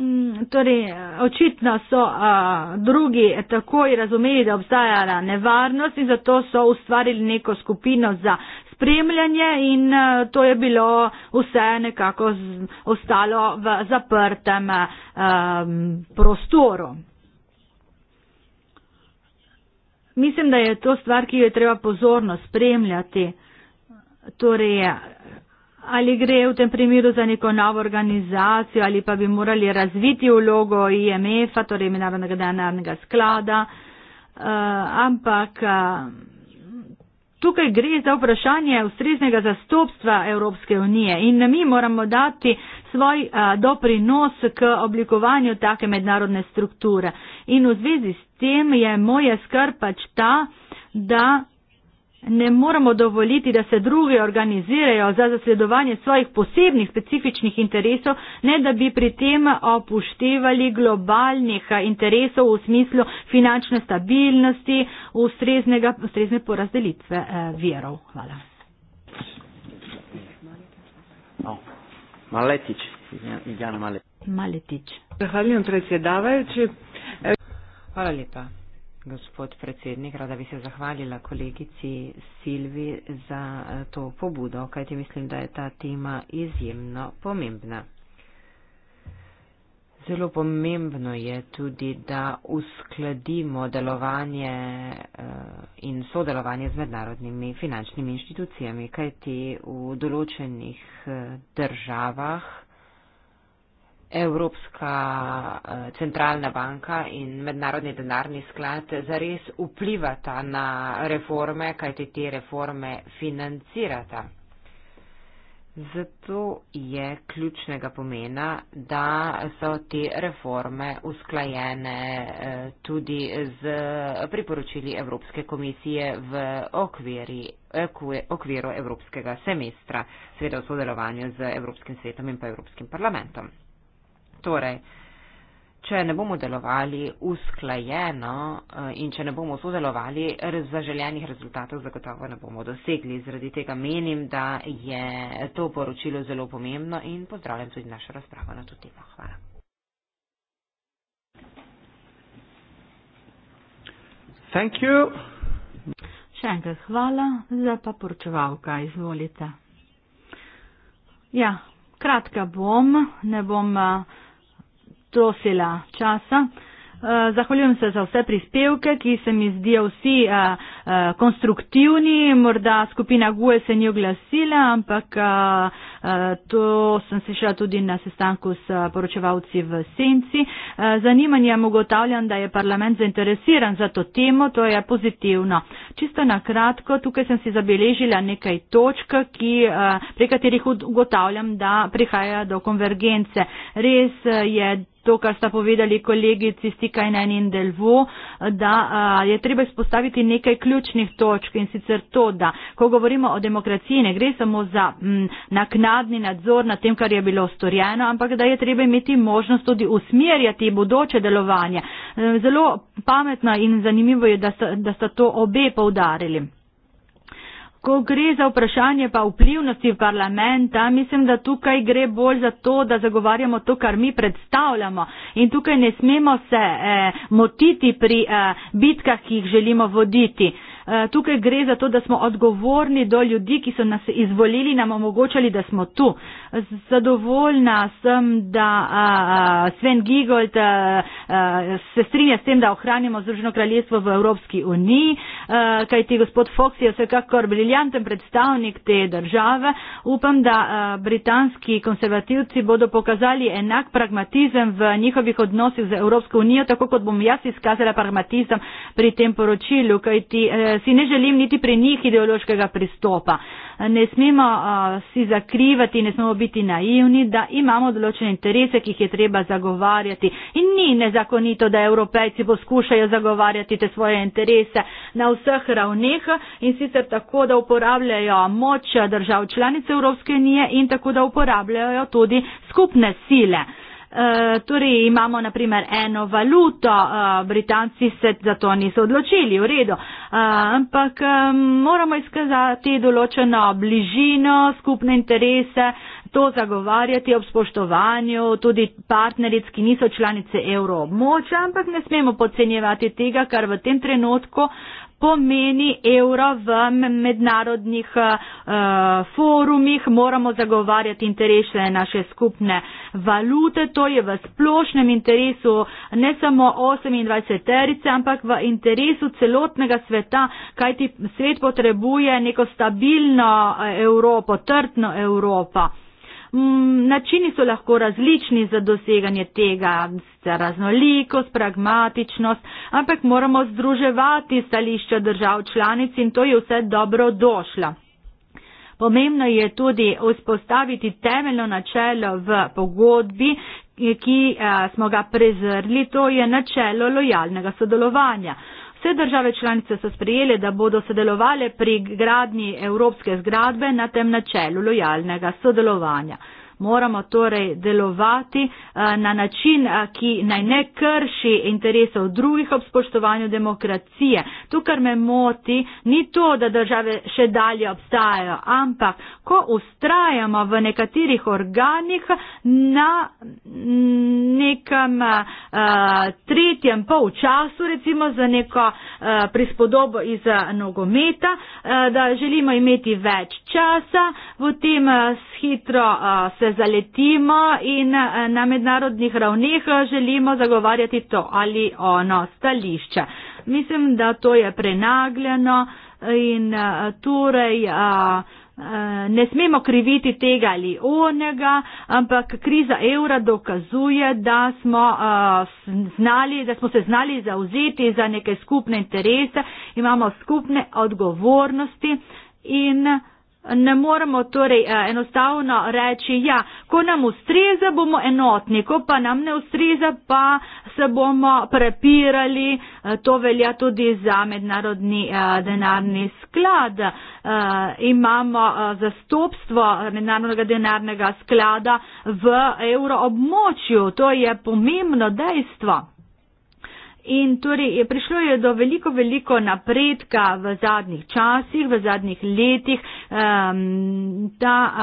Mm, torej, očitno so a, drugi takoj razumeli, da obstajala nevarnost in zato so ustvarili neko skupino za spremljanje in a, to je bilo vse nekako z, ostalo v zaprtem a, prostoru. Mislim, da je to stvar, ki jo je treba pozorno spremljati. Torej, ali gre v tem primeru za neko novo organizacijo ali pa bi morali razviti vlogo IMF-a, torej Mednarodnega denarnega sklada, uh, ampak uh, tukaj gre za vprašanje ustreznega zastopstva Evropske unije in mi moramo dati svoj uh, doprinos k oblikovanju take mednarodne strukture. In v zvezi s tem je moja skrb pač ta, da. Ne moremo dovoliti, da se drugi organizirajo za zasledovanje svojih posebnih specifičnih interesov, ne da bi pri tem opuštevali globalnih interesov v smislu finančne stabilnosti, ustrezne porazdelitve eh, verov. Hvala. Maletič. No. Maletič. Zahvaljujem predsjedavajući. Hvala lijepa gospod predsednik, rada bi se zahvalila kolegici Silvi za eh, to pobudo, kajti mislim, da je ta tema izjemno pomembna. Zelo pomembno je tudi, da uskladimo delovanje eh, in sodelovanje z mednarodnimi finančnimi inštitucijami, kajti v določenih eh, državah Evropska eh, centralna banka in Mednarodni denarni sklad zares vplivata na reforme, kajti te reforme financirata. Zato je ključnega pomena, da so te reforme usklajene eh, tudi z priporočili Evropske komisije v okviri, eh, okviru Evropskega semestra, sveda v sodelovanju z Evropskim svetom in pa Evropskim parlamentom. Torej, če ne bomo delovali usklajeno eh, in če ne bomo sodelovali, zaželjenih rezultatov zagotovo ne bomo dosegli. Zradi tega menim, da je to poročilo zelo pomembno in pozdravljam tudi našo razpravo na to temo. Hvala. Thank you. Še enkrat hvala, zdaj pa poročevalka, izvolite. Ja, kratka bom, ne bom. Uh, trosila časa. Eh, zahvaljujem se za vse prispevke, ki se mi zdijo vsi a, eh, a, eh, konstruktivni. Morda skupina GUE se ni oglasila, ampak a, a, to sem slišala tudi na sestanku s poročevalci v Senci. Zanimanjem ugotavljam, da je parlament zainteresiran za to temo, to je pozitivno. Čisto na kratko, tukaj sem si zabeležila nekaj točk, ki, a, pri katerih ugotavljam, da prihaja do konvergence. Res je to, kar sta povedali kolegici Stikajnen in Delvo, da a, je treba izpostaviti nekaj ključnih točk in sicer to, da ko govorimo o demokraciji, ne gre samo za m, naknadni nadzor nad tem, kar je bilo storjeno, ampak da je treba imeti možnost tudi usmerjati bodoče delovanje. E, zelo pametna in zanimivo je, da sta, da sta to obe poudarili ko gre za vprašanje pa vplivnosti parlamenta, mislim, da tukaj gre bolj za to, da zagovarjamo to, kar mi predstavljamo. In tukaj ne smemo se eh, motiti pri eh, bitkah, ki jih želimo voditi. Eh, tukaj gre za to, da smo odgovorni do ljudi, ki so nas izvolili, nam omogočali, da smo tu. Zadovoljna sem, da Sven Gigold se strinja s tem, da ohranimo Združeno kraljestvo v Evropski uniji, kajti gospod Fox je vsekakor briljanten predstavnik te države. Upam, da britanski konservativci bodo pokazali enak pragmatizem v njihovih odnosih z Evropsko unijo, tako kot bom jaz izkazala pragmatizem pri tem poročilu, kajti eh, si ne želim niti pri njih ideološkega pristopa. Ne smemo uh, si zakrivati, ne smemo biti naivni, da imamo določene interese, ki jih je treba zagovarjati. In ni nezakonito, da evropejci poskušajo zagovarjati te svoje interese na vseh ravneh in sicer tako, da uporabljajo moč držav članic Evropske unije in tako, da uporabljajo tudi skupne sile. Eh, torej imamo na primer eno valuto, uh, Britanci se za to niso odločili, v redu, uh, ampak um, moramo izkazati določeno bližino, skupne interese, to zagovarjati ob spoštovanju tudi partneric, ki niso članice evroobmoča, ampak ne smemo podcenjevati tega, kar v tem trenutku uh, pomeni evro v mednarodnih uh, forumih, moramo zagovarjati interese naše skupne valute, to je v splošnem interesu ne samo 28 terice, ampak v interesu celotnega sveta, kajti svet potrebuje neko stabilno eh, Evropo, trdno Evropo. Mm, načini so lahko različni za doseganje tega, za raznolikost, pragmatičnost, ampak moramo združevati stališča držav članic in to je vse dobro došlo. Pomembno je tudi vzpostaviti temeljno načelo v pogodbi, ki eh, smo ga prezrli, to je načelo lojalnega sodelovanja. Vse države članice so sprejeli, da bodo sodelovali pri gradnji evropske zgradbe na tem načelu lojalnega sodelovanja moramo torej delovati eh, na način, eh, ki naj ne krši interesov drugih ob spoštovanju demokracije. To, kar me moti, ni to, da države še dalje obstajajo, ampak ko ustrajamo v nekaterih organih na mm, nekem eh, tretjem polčasu, recimo za neko prispodobo iz nogometa, da želimo imeti več časa v tem hitro se zaletimo in eh, na mednarodnih ravneh eh, želimo zagovarjati to ali ono stališče. Mislim, da to je prenagljeno in eh, torej. Ne smemo kriviti tega ali onega, ampak kriza evra dokazuje, da smo, znali, da smo se znali zauzeti za neke skupne interese, imamo skupne odgovornosti in ne moremo torej eh, enostavno reči, ja, ko nam ustreza, bomo enotni, ko pa nam ne ustreza, pa se bomo prepirali. Eh, to velja tudi za mednarodni eh, denarni sklad. Imamo zastopstvo mednarodnega denarnega sklada v evroobmočju. To je pomembno dejstvo. In torej je prišlo je do veliko, veliko napredka v zadnjih časih, v zadnjih letih. Um, ta, uh,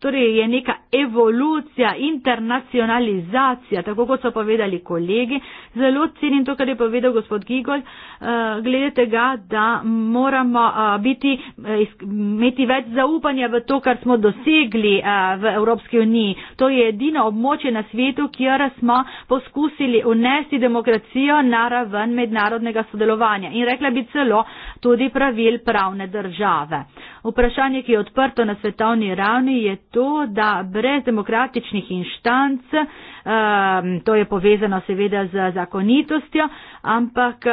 torej je neka evolucija, internacionalizacija, tako kot so povedali kolegi. Zelo cenim to, kar je povedal gospod Gigol, uh, glede tega, da moramo uh, biti, uh, e, isk, imeti več zaupanja v to, kar smo dosegli uh, v Evropski uniji. To je edino območje na svetu, kjer smo poskusili unesti demokracijo na raven mednarodnega sodelovanja in rekla bi celo tudi pravil pravne države. Vprašanje, ki je odprto na svetovni ravni, je to, da brez demokratičnih inštanc, ehm, to je povezano seveda z zakonitostjo, ampak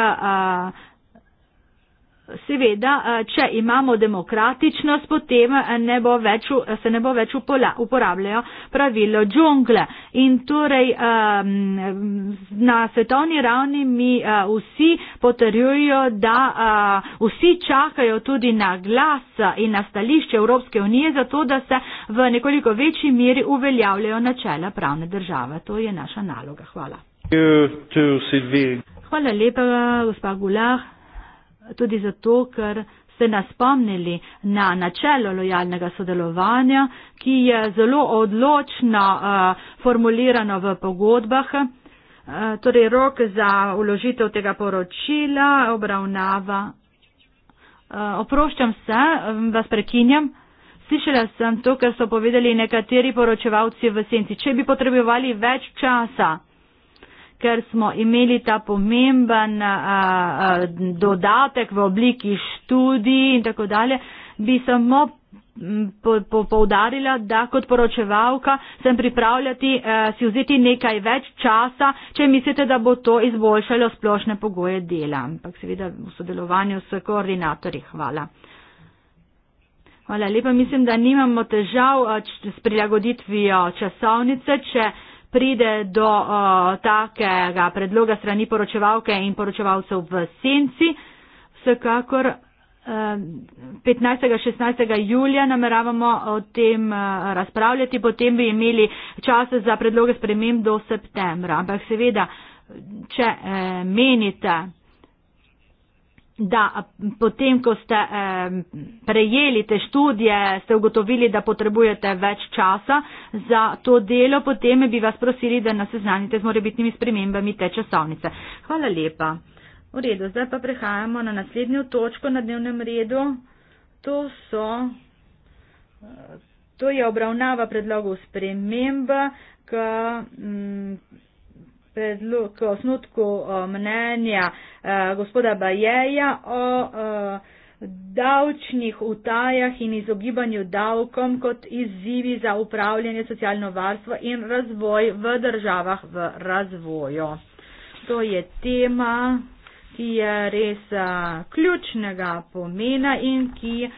Seveda, eh, če imamo demokratičnost, potem eh, ne več, eh, se ne bo več uporabljalo pravilo džungle. In torej ehm, na svetovni ravni mi vsi potrjujo, da vsi čakajo tudi na glas in na stališče Evropske unije, zato da se v nekoliko večji miri uveljavljajo načela pravne države. To je naša naloga. Hvala. Hvala lepa, gospa Gulah tudi zato, ker ste nas spomnili na načelo lojalnega sodelovanja, ki je zelo odločno eh, formulirano v pogodbah. Eh, torej, rok za uložitev tega poročila obravnava. Eh, oproščam se, mm, vas prekinjam. Slišala sem to, kar so povedali nekateri poročevalci v senci. Če bi potrebovali več časa, ker smo imeli ta pomemben a, a, dodatek v obliki študij in tako dalje, bi samo po, po, povdarila, da kot poročevalka sem pripravljati a, si vzeti nekaj več časa, če mislite, da bo to izboljšalo splošne pogoje dela. Ampak seveda v sodelovanju s koordinatorji. Hvala. Hvala lepa. Mislim, da nimamo težav s prilagoditvijo časovnice. Če pride do o, takega predloga strani poročevalke in poročevalcev v senci. Vsekakor o, 15. 16. julija nameravamo o tem o, e, razpravljati, potem bi imeli čas za predloge sprememb do septembra. Ampak seveda, če e, menite, Da, potem, ko ste eh, prejeli te študije, ste ugotovili, da potrebujete več časa za to delo, potem bi vas prosili, da nas seznanite z morebitnimi spremembami te časovnice. Hvala lepa. V redu, zdaj pa prehajamo na naslednjo točko na dnevnem redu. To, so, to je obravnava predlogov sprememb k, k osnutku mnenja. Eh, Eh, gospoda Bajeja o eh, davčnih utajah in izogibanju davkom kot izzivi za upravljanje socialno varstvo in razvoj v državah v razvoju. To je tema, ki je res eh, ključnega pomena in ki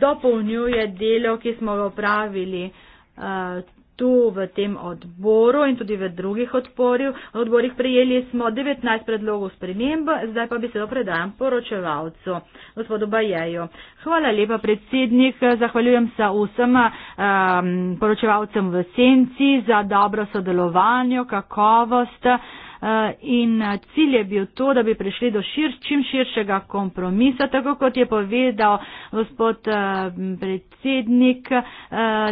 dopolnjuje delo, ki smo ga opravili tu v tem odboru in tudi v drugih odborih prijeli smo 19 predlogov sprememb, zdaj pa bi se opredajam poročevalcu, gospodu Bajeju. Hvala lepa, predsednik, zahvaljujem se vsem um, poročevalcem v Senci za dobro sodelovanje, kakovost. Uh, Eh, in eh, cilj je bil to, da bi prišli do šir, čim širšega kompromisa, tako kot je povedal gospod eh, predsednik,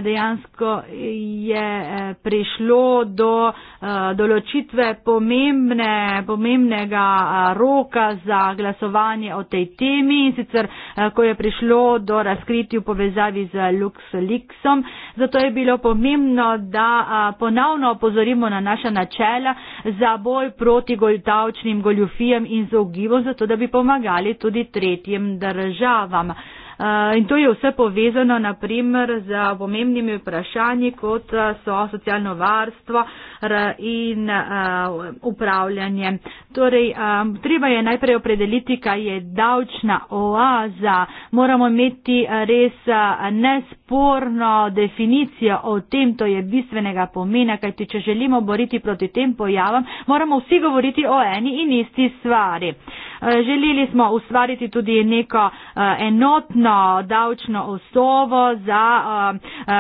dejansko je prišlo do določitve pomembne, pomembnega roka za glasovanje o tej temi in sicer, ko je prišlo do razkritja v povezavi z LuxLeaksom. Zato je bilo pomembno, da ponovno opozorimo na naša načela za bolj boj proti davčnim goljufijam in zaugivom, zato da bi pomagali tudi tretjim državam. In to je vse povezano, naprimer, z pomembnimi vprašanji, kot so socialno varstvo in upravljanje. Torej, treba je najprej opredeliti, kaj je davčna oaza. Moramo imeti res nesporno definicijo o tem, to je bistvenega pomena, kajti če želimo boriti proti tem pojavam, moramo vsi govoriti o eni in isti stvari. Eh, želeli smo ustvariti tudi neko eh, enotno davčno osnovo za, eh,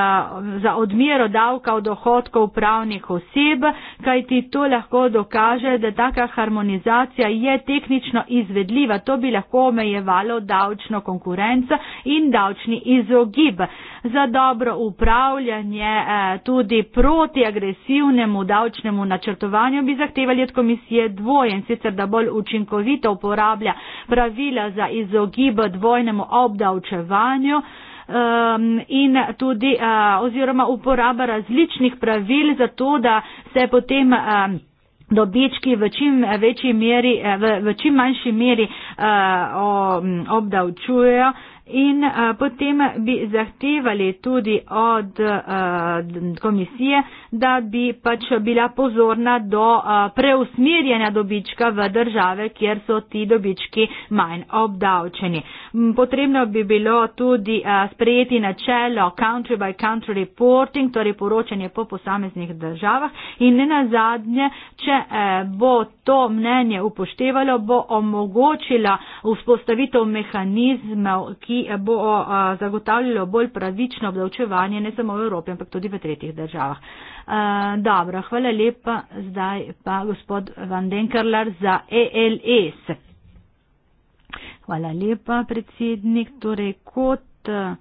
za odmero davka od dohodkov pravnih oseb, kajti to lahko dokaže, da taka harmonizacija je tehnično izvedljiva. To bi lahko omejevalo davčno konkurenco in davčni izogib za dobro upravljanje eh, tudi proti agresivnemu davčnemu načrtovanju bi zahtevali od komisije dvojen, sicer da bolj učinkovito uporablja pravila za izogib dvojnemu obdavčevanju ehm, in tudi eh, oziroma uporaba različnih pravil za to, da se potem ehm, dobički v čim, meri, eh, v, v čim manjši meri obdavčujejo. In uh, potem bi zahtevali tudi od uh, komisije, da bi pač bila pozorna do uh, eh, preusmirjanja dobička v države, kjer so ti dobički manj obdavčeni. Potrebno bi bilo tudi uh, sprejeti načelo country by country reporting, torej poročanje po posameznih državah. In ne nazadnje, če uh, bo to mnenje upoštevalo, bo omogočila vzpostavitev mehanizmov, ki bo eh, zagotavljalo bolj pravično obdavčevanje ne samo v Evropi, ampak tudi v tretjih državah. Eh, dobro, hvala lepa. Zdaj pa gospod Van Denkerlar za ELS. Hvala lepa, predsednik. Torej, kot uh,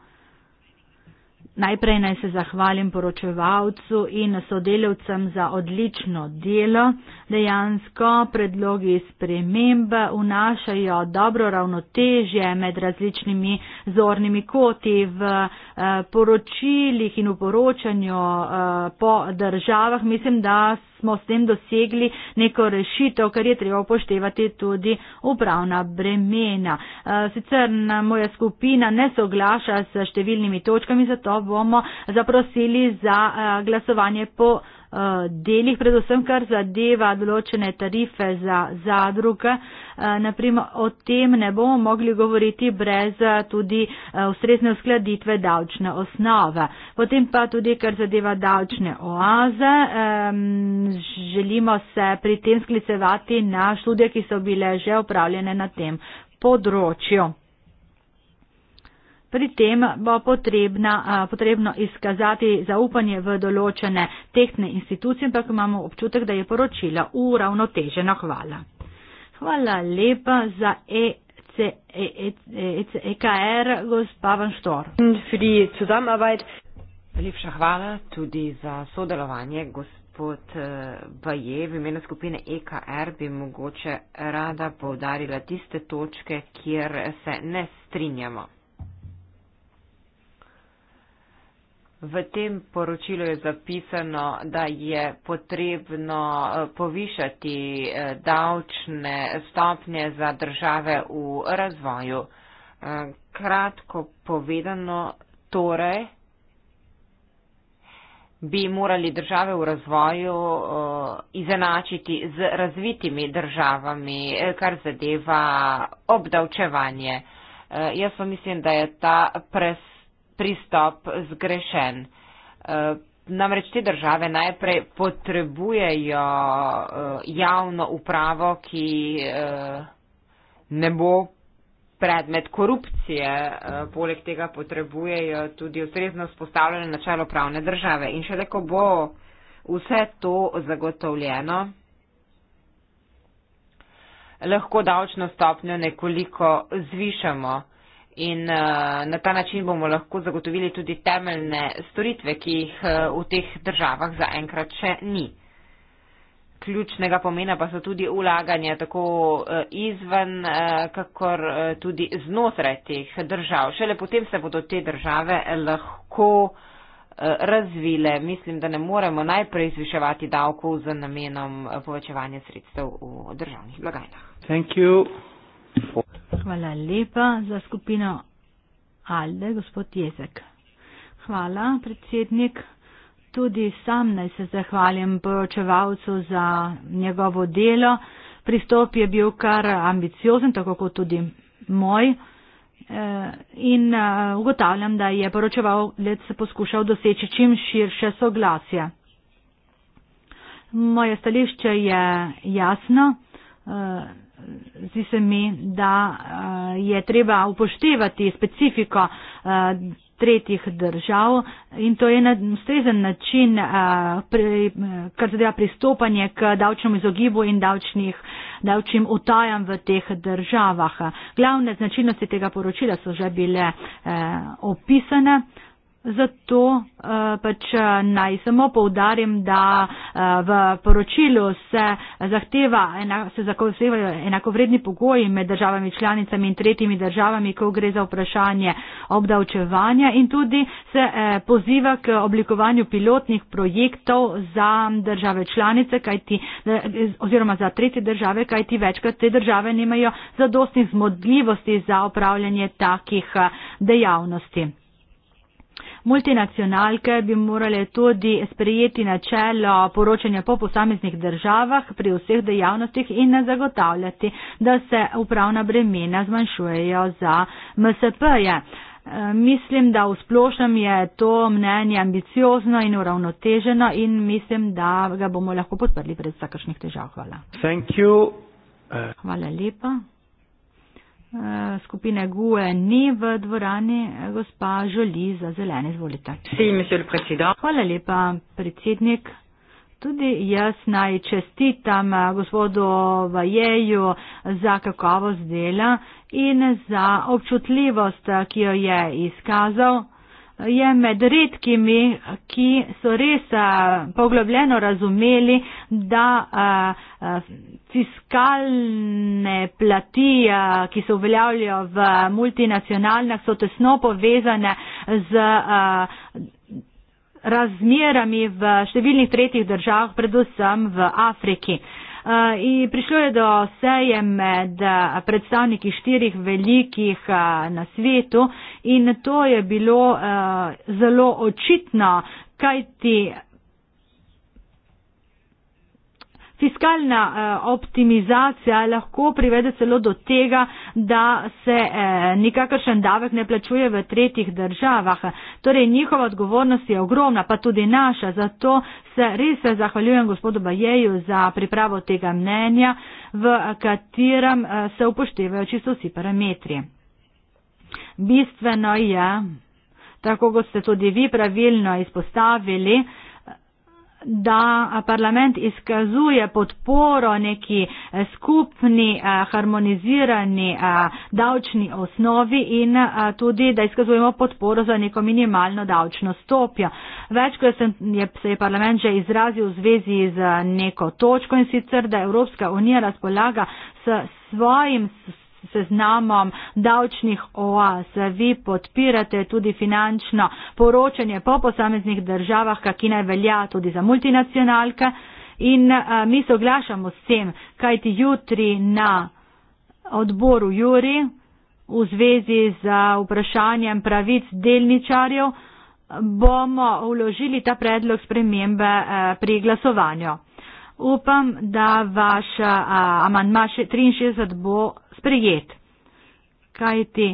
Najprej naj se zahvalim poročevalcu in sodelavcem za odlično delo. Dejansko predlogi sprememb vnašajo dobro ravnotežje med različnimi zornimi koti v eh, poročilih in v poročanju eh, po državah. Mislim, da smo s tem dosegli neko rešitev, ker je treba upoštevati tudi upravna bremena. Eh, sicer moja skupina ne soglaša s številnimi točkami, zato bomo zaprosili za eh, glasovanje po. Eh, delih, predvsem kar zadeva določene tarife za zadruge. Eh, Naprimer, o tem ne bomo mogli govoriti brez eh, tudi ustrezne uskladitve davčne osnove. Potem pa tudi, kar zadeva davčne oaze, želimo se pri tem sklicevati na študije, ki so bile že upravljene na tem področju. Pri tem bo potrebna, potrebno izkazati zaupanje v določene tehtne institucije, ampak imamo občutek, da je poročila uravnotežena. Hvala. Hvala lepa za e. EKR, e, e, e gospa Van Štor. Lepša hvala tudi za sodelovanje, gospod Baje. V imenu skupine EKR bi mogoče rada povdarila tiste točke, kjer se ne strinjamo. V tem poročilu je zapisano, da je potrebno eh, povišati eh, davčne stopnje za države v razvoju. Eh, kratko povedano, torej bi morali države v razvoju izenačiti z razvitimi državami, kar zadeva obdavčevanje. Jaz pa mislim, da je ta presenečenje pristop zgrešen. E, namreč te države najprej potrebujejo e, javno upravo, ki e, ne bo predmet korupcije, poleg tega potrebujejo tudi ustrezno spostavljeno načelo pravne države. In še reko bo vse to zagotovljeno, lahko davčno stopnjo nekoliko zvišamo in eh, na ta način bomo lahko zagotovili tudi temeljne storitve, ki jih eh, v teh državah zaenkrat še ni. Ključnega pomena pa so tudi ulaganja tako eh, izven, kakor tudi znotraj teh držav. Šele potem se bodo te države lahko razvile. Mislim, da ne moremo najprej zviševati davkov z namenom povečevanja sredstev v državnih blagajnah. Thank you. Hvala lepa za skupino Alde, gospod Jezek. Hvala, predsednik. Tudi sam naj se zahvalim poročevalcu za njegovo delo. Pristop je bil kar ambiciozen, tako kot tudi moj. Eh, in eh, ugotavljam, da je poročevalec poskušal doseči čim širše soglasje. Moje stališče je jasno. Eh, zdi se mi, da eh, je treba upoštevati specifiko eh, tretjih držav in to je na ustrezen način, eh, kar zadeva pristopanje k davčnemu izogibu in davčnih, davčnim utajam v teh državah. Glavne značilnosti tega poročila so že bile opisane. Zato eh, pač eh, naj samo povdarjem, da eh, v poročilu se zahteva, se zahtevajo enakovredni pogoji med državami članicami in tretjimi državami, ko gre za vprašanje obdavčevanja in tudi se poziva k oblikovanju pilotnih projektov za države članice ti, oziroma za tretje države, kajti večkrat te države nimajo zadostnih zmogljivosti za upravljanje takih dejavnosti. Multinacionalke bi morale tudi sprejeti načelo poročanja po posameznih državah pri vseh dejavnostih in ne zagotavljati, da se upravna bremena zmanjšujejo za MSP-je. E, mislim, da v splošnem je to mnenje ambiciozno in uravnoteženo in mislim, da ga bomo lahko podprli brez vsakršnih težav. Hvala. E. Hvala lepa. Eh, skupine GUE ni v dvorani, gospa Žoli za zelene, izvolite. Hvala lepa, predsednik. Tudi jaz naj čestitam eh, gospodu Vajeju za kakovost dela in za občutljivost, eh, ki jo je izkazal je med redkimi, ki so res poglobljeno razumeli, da fiskalne plati, ki se uveljavljajo v multinacionalnih, so tesno povezane z razmerami v številnih tretjih državah, predvsem v Afriki. Eh, in prišlo je do seje med eh, predstavniki štirih velikih eh, na svetu in to je bilo zelo očitno, kajti fiskalna eh, optimizacija lahko privede celo do tega, da se eh, nikakršen davek ne plačuje v tretjih državah. Torej njihova odgovornost je ogromna, pa tudi naša. Zato se res zahvaljujem gospodu Bajeju za pripravo tega mnenja, v katerem eh, se upoštevajo čisto vsi parametri. Bistveno je, tako kot ste tudi vi pravilno izpostavili, da parlament izkazuje podporo neki eh, skupni eh, harmonizirani eh, davčni osnovi in tudi, da izkazujemo podporo za neko minimalno davčno stopjo. Večkrat se je parlament že izrazil v zvezi z neko točko in sicer, da Evropska unija razpolaga s svojim. S seznamom davčnih oaz. Vi podpirate tudi finančno poročanje po posameznih državah, ki naj velja tudi za multinacionalke. In a, eh, mi soglašamo s tem, kajti jutri na odboru Juri v zvezi z eh, vprašanjem pravic delničarjev bomo vložili ta predlog spremembe eh, pri glasovanju. Upam, da vaš amandma 63 bo sprejet. Kaj ti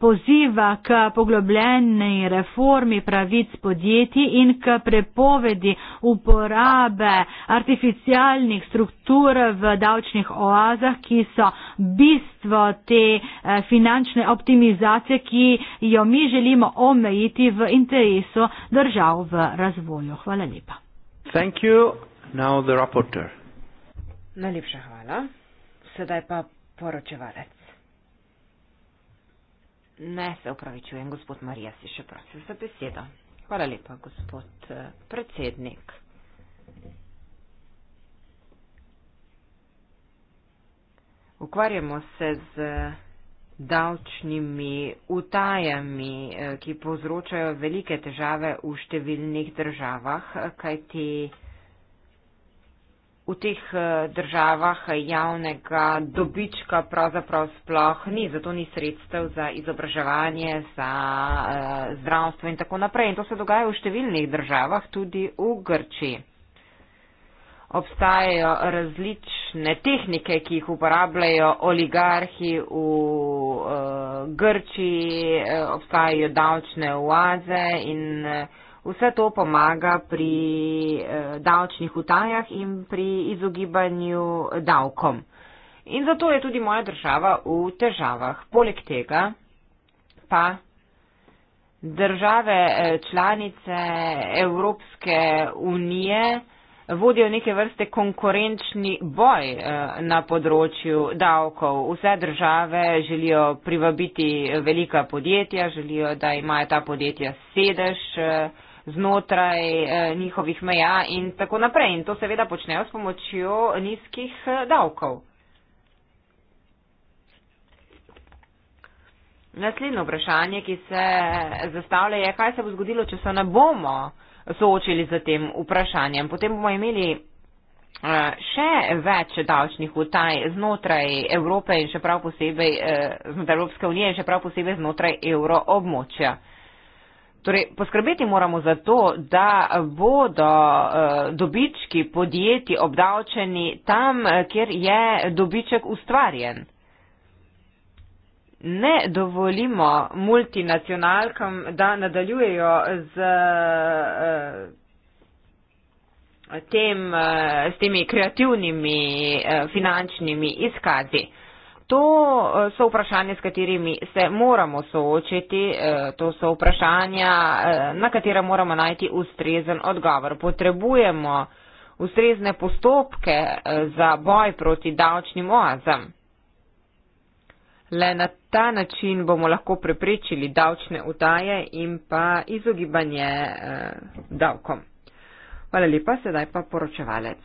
poziva k poglobljenej reformi pravic podjetij in k prepovedi uporabe artificialnih struktur v davčnih oazah, ki so bistvo te eh, finančne optimizacije, ki jo mi želimo omejiti v interesu držav v razvoju. Hvala lepa. Najlepša hvala. Sedaj pa poročevalec. Ne se upravičujem, gospod Marija, si še prosim za besedo. Hvala lepa, gospod eh, predsednik. Ukvarjamo se z davčnimi utajami, eh, ki povzročajo velike težave v številnih državah, kajti v teh eh, državah javnega dobička pravzaprav sploh ni, zato ni sredstev za izobraževanje, za eh, zdravstvo in tako naprej. In to se dogaja v številnih državah, tudi v Grčiji. Obstajajo različne tehnike, ki jih uporabljajo oligarhi v uh, Grčiji, obstajajo davčne oaze in uh, Vse to pomaga pri eh, davčnih utajah in pri izogibanju davkom. In zato je tudi moja država v težavah. Poleg tega pa države eh, članice Evropske unije vodijo neke vrste konkurenčni boj eh, na področju davkov. Vse države želijo privabiti velika podjetja, želijo, da imajo ta podjetja sedež znotraj eh, njihovih meja in tako naprej. In to seveda počnejo s pomočjo nizkih eh, davkov. Naslednje vprašanje, ki se zastavlja, je, kaj se bo zgodilo, če se ne bomo soočili z tem vprašanjem. Potem bomo imeli eh, še več davčnih utaj znotraj Evrope in še prav posebej znotraj Evropske unije in še prav posebej znotraj evroobmočja. Torej, poskrbeti moramo za to, da bodo eh, dobički podjetij obdavčeni tam, eh, kjer je dobiček ustvarjen. Ne dovolimo multinacionalkam, da nadaljujejo z, eh, tem, s temi kreativnimi finančnimi izkazi to eh, so vprašanja, s katerimi se moramo soočiti, eh, to so vprašanja, eh, na katera moramo najti ustrezen odgovor. Potrebujemo ustrezne postopke za boj proti davčnim oazam. Le na ta način bomo lahko preprečili davčne utaje in pa izogibanje davkom. Hvala lepa, sedaj pa poročevalec.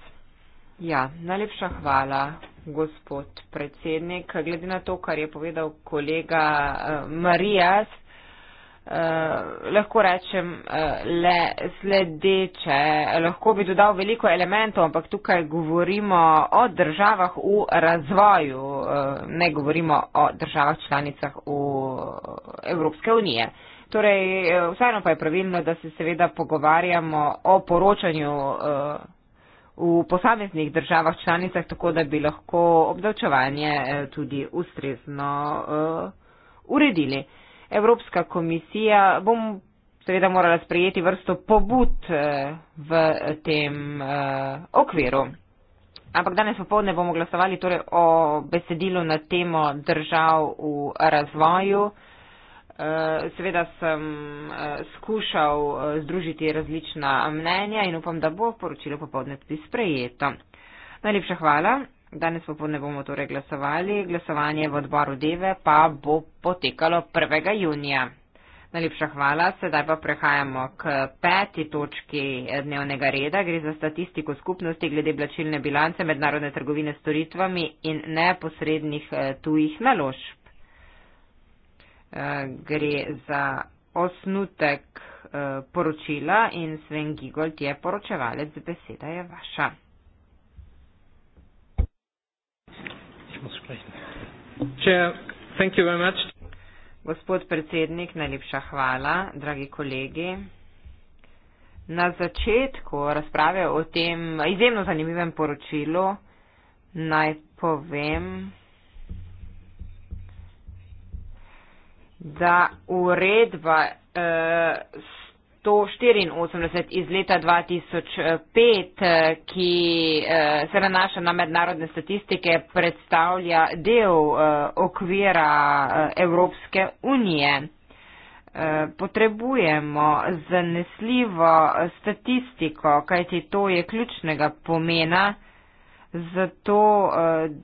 Ja, najlepša hvala, gospod predsednik. Glede na to, kar je povedal kolega uh, Marijas, uh, lahko rečem uh, le sledeče. Lahko bi dodal veliko elementov, ampak tukaj govorimo o državah v razvoju, uh, ne govorimo o državah članicah v Evropske unije. Torej, vseeno pa je pravilno, da se seveda pogovarjamo o poročanju. Uh, v posameznih državah članicah, tako da bi lahko obdavčevanje eh, tudi ustrezno eh, uredili. Evropska komisija bo seveda morala sprejeti vrsto pobud eh, v tem okviru. Ampak danes popovdne bomo glasovali torej o besedilu na temo držav v razvoju. Eh, seveda sem eh, skušal eh, združiti različna mnenja in upam, da bo poročilo popovdne tudi sprejeto. Najlepša hvala. Danes popovdne bomo torej glasovali. Glasovanje v odboru Deve pa bo potekalo 1. junija. Najlepša hvala. Sedaj pa prehajamo k peti točki dnevnega reda. Gre za statistiko skupnosti glede blačilne bilance mednarodne trgovine s storitvami in neposrednih tujih naložb. Eh, gre za osnutek eh, poročila in Sven Gigold je poročevalec, beseda je vaša. Gospod predsednik, najlepša hvala, dragi kolegi. Na začetku razprave o tem izjemno zanimivem poročilu naj povem, da uredba uh, eh, 184 iz leta 2005, eh, ki uh, se nanaša na mednarodne statistike, predstavlja del uh, okvira uh, Evropske unije. Potrebujemo zanesljivo statistiko, kajti to je ključnega pomena, zato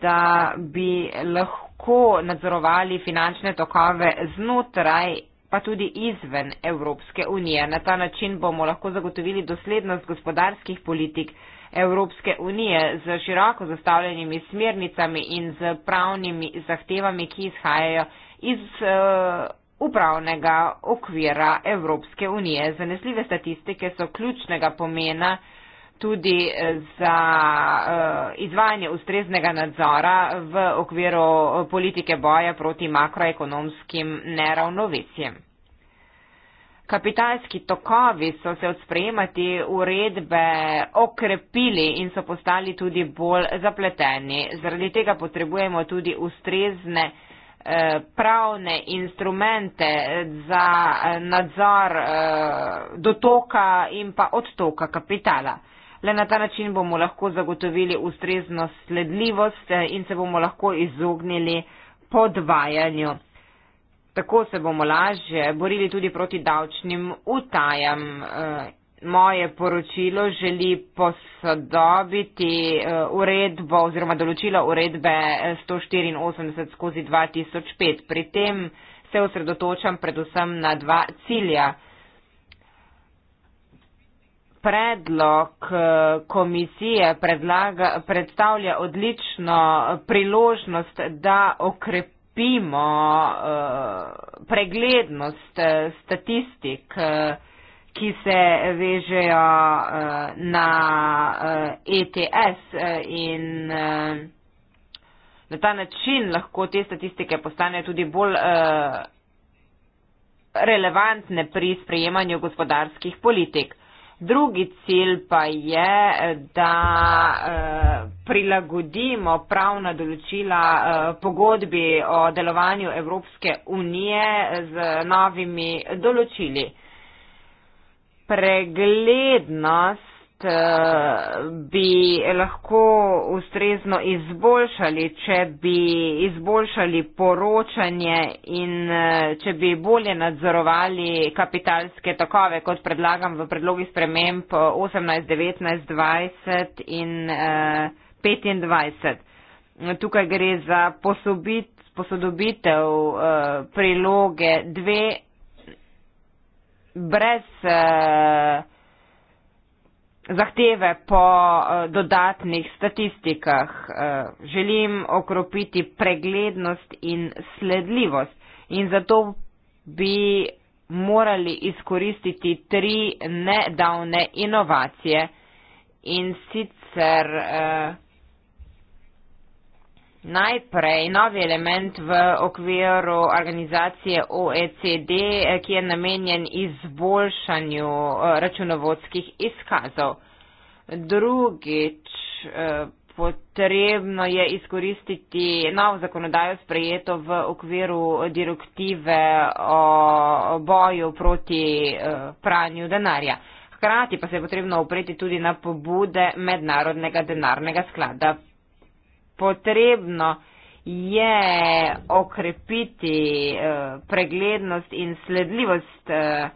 da bi lahko lahko nadzorovali finančne tokove znotraj pa tudi izven Evropske unije. Na ta način bomo lahko zagotovili doslednost gospodarskih politik Evropske unije z široko zastavljenimi smernicami in z pravnimi zahtevami, ki izhajajo iz eh, upravnega okvira Evropske unije. Zanesljive statistike so ključnega pomena tudi eh, za eh, izvajanje ustreznega nadzora v okviru eh, politike boja proti makroekonomskim neravnovesjem. Kapitalski tokovi so se od sprejemati uredbe okrepili in so postali tudi bolj zapleteni. Zaradi tega potrebujemo tudi ustrezne pravne instrumente za nadzor dotoka in pa odtoka kapitala. Le na ta način bomo lahko zagotovili ustrezno sledljivost eh, in se bomo lahko izognili podvajanju. Tako se bomo lažje borili tudi proti davčnim utajam. Eh, moje poročilo želi posodobiti eh, uredbo oziroma določila uredbe 184 skozi 2005. Pri tem se osredotočam predvsem na dva cilja predlog eh, komisije predlaga, predstavlja odlično eh, priložnost, da okrepimo eh, preglednost statistik, ki se vežejo na ETS e in na ta način lahko te statistike postanejo tudi bolj relevantne pri sprejemanju gospodarskih politik. Drugi cilj pa je, da eh, prilagodimo pravna določila eh, pogodbi o delovanju Evropske unije z novimi določili. Preglednost Eh, bi lahko ustrezno izboljšali, če bi izboljšali poročanje in eh, če bi bolje nadzorovali kapitalske takove, kot predlagam v predlogi sprememb 18, 19, 20 in 25. Eh, Tukaj gre za posodobitev priloge dve brez zahteve po eh, dodatnih statistikah. Eh, želim okropiti preglednost in sledljivost in zato bi morali izkoristiti tri nedavne inovacije in sicer eh, Najprej novi element v okviru organizacije OECD, eh, ki je namenjen izboljšanju eh, računovodskih izkazov. Drugič, eh, potrebno je izkoristiti nov zakonodajo sprejeto v okviru direktive o boju proti pranju denarja. Hkrati pa se je potrebno opreti tudi na pobude Mednarodnega denarnega sklada potrebno je okrepiti eh, preglednost in sledljivost eh,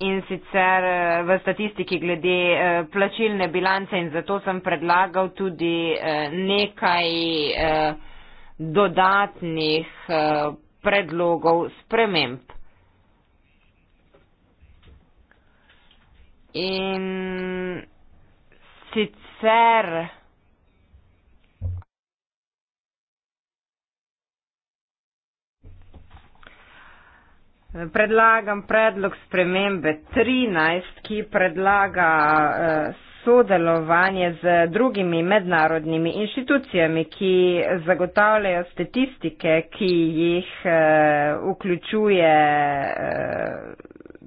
in sicer eh, v statistiki glede plačilne bilance in zato sem predlagal tudi nekaj dodatnih predlogov sprememb. In sicer predlagam predlog spremembe 13, ki predlaga eh, sodelovanje z drugimi mednarodnimi inštitucijami, ki zagotavljajo statistike, ki jih eh, vključuje eh,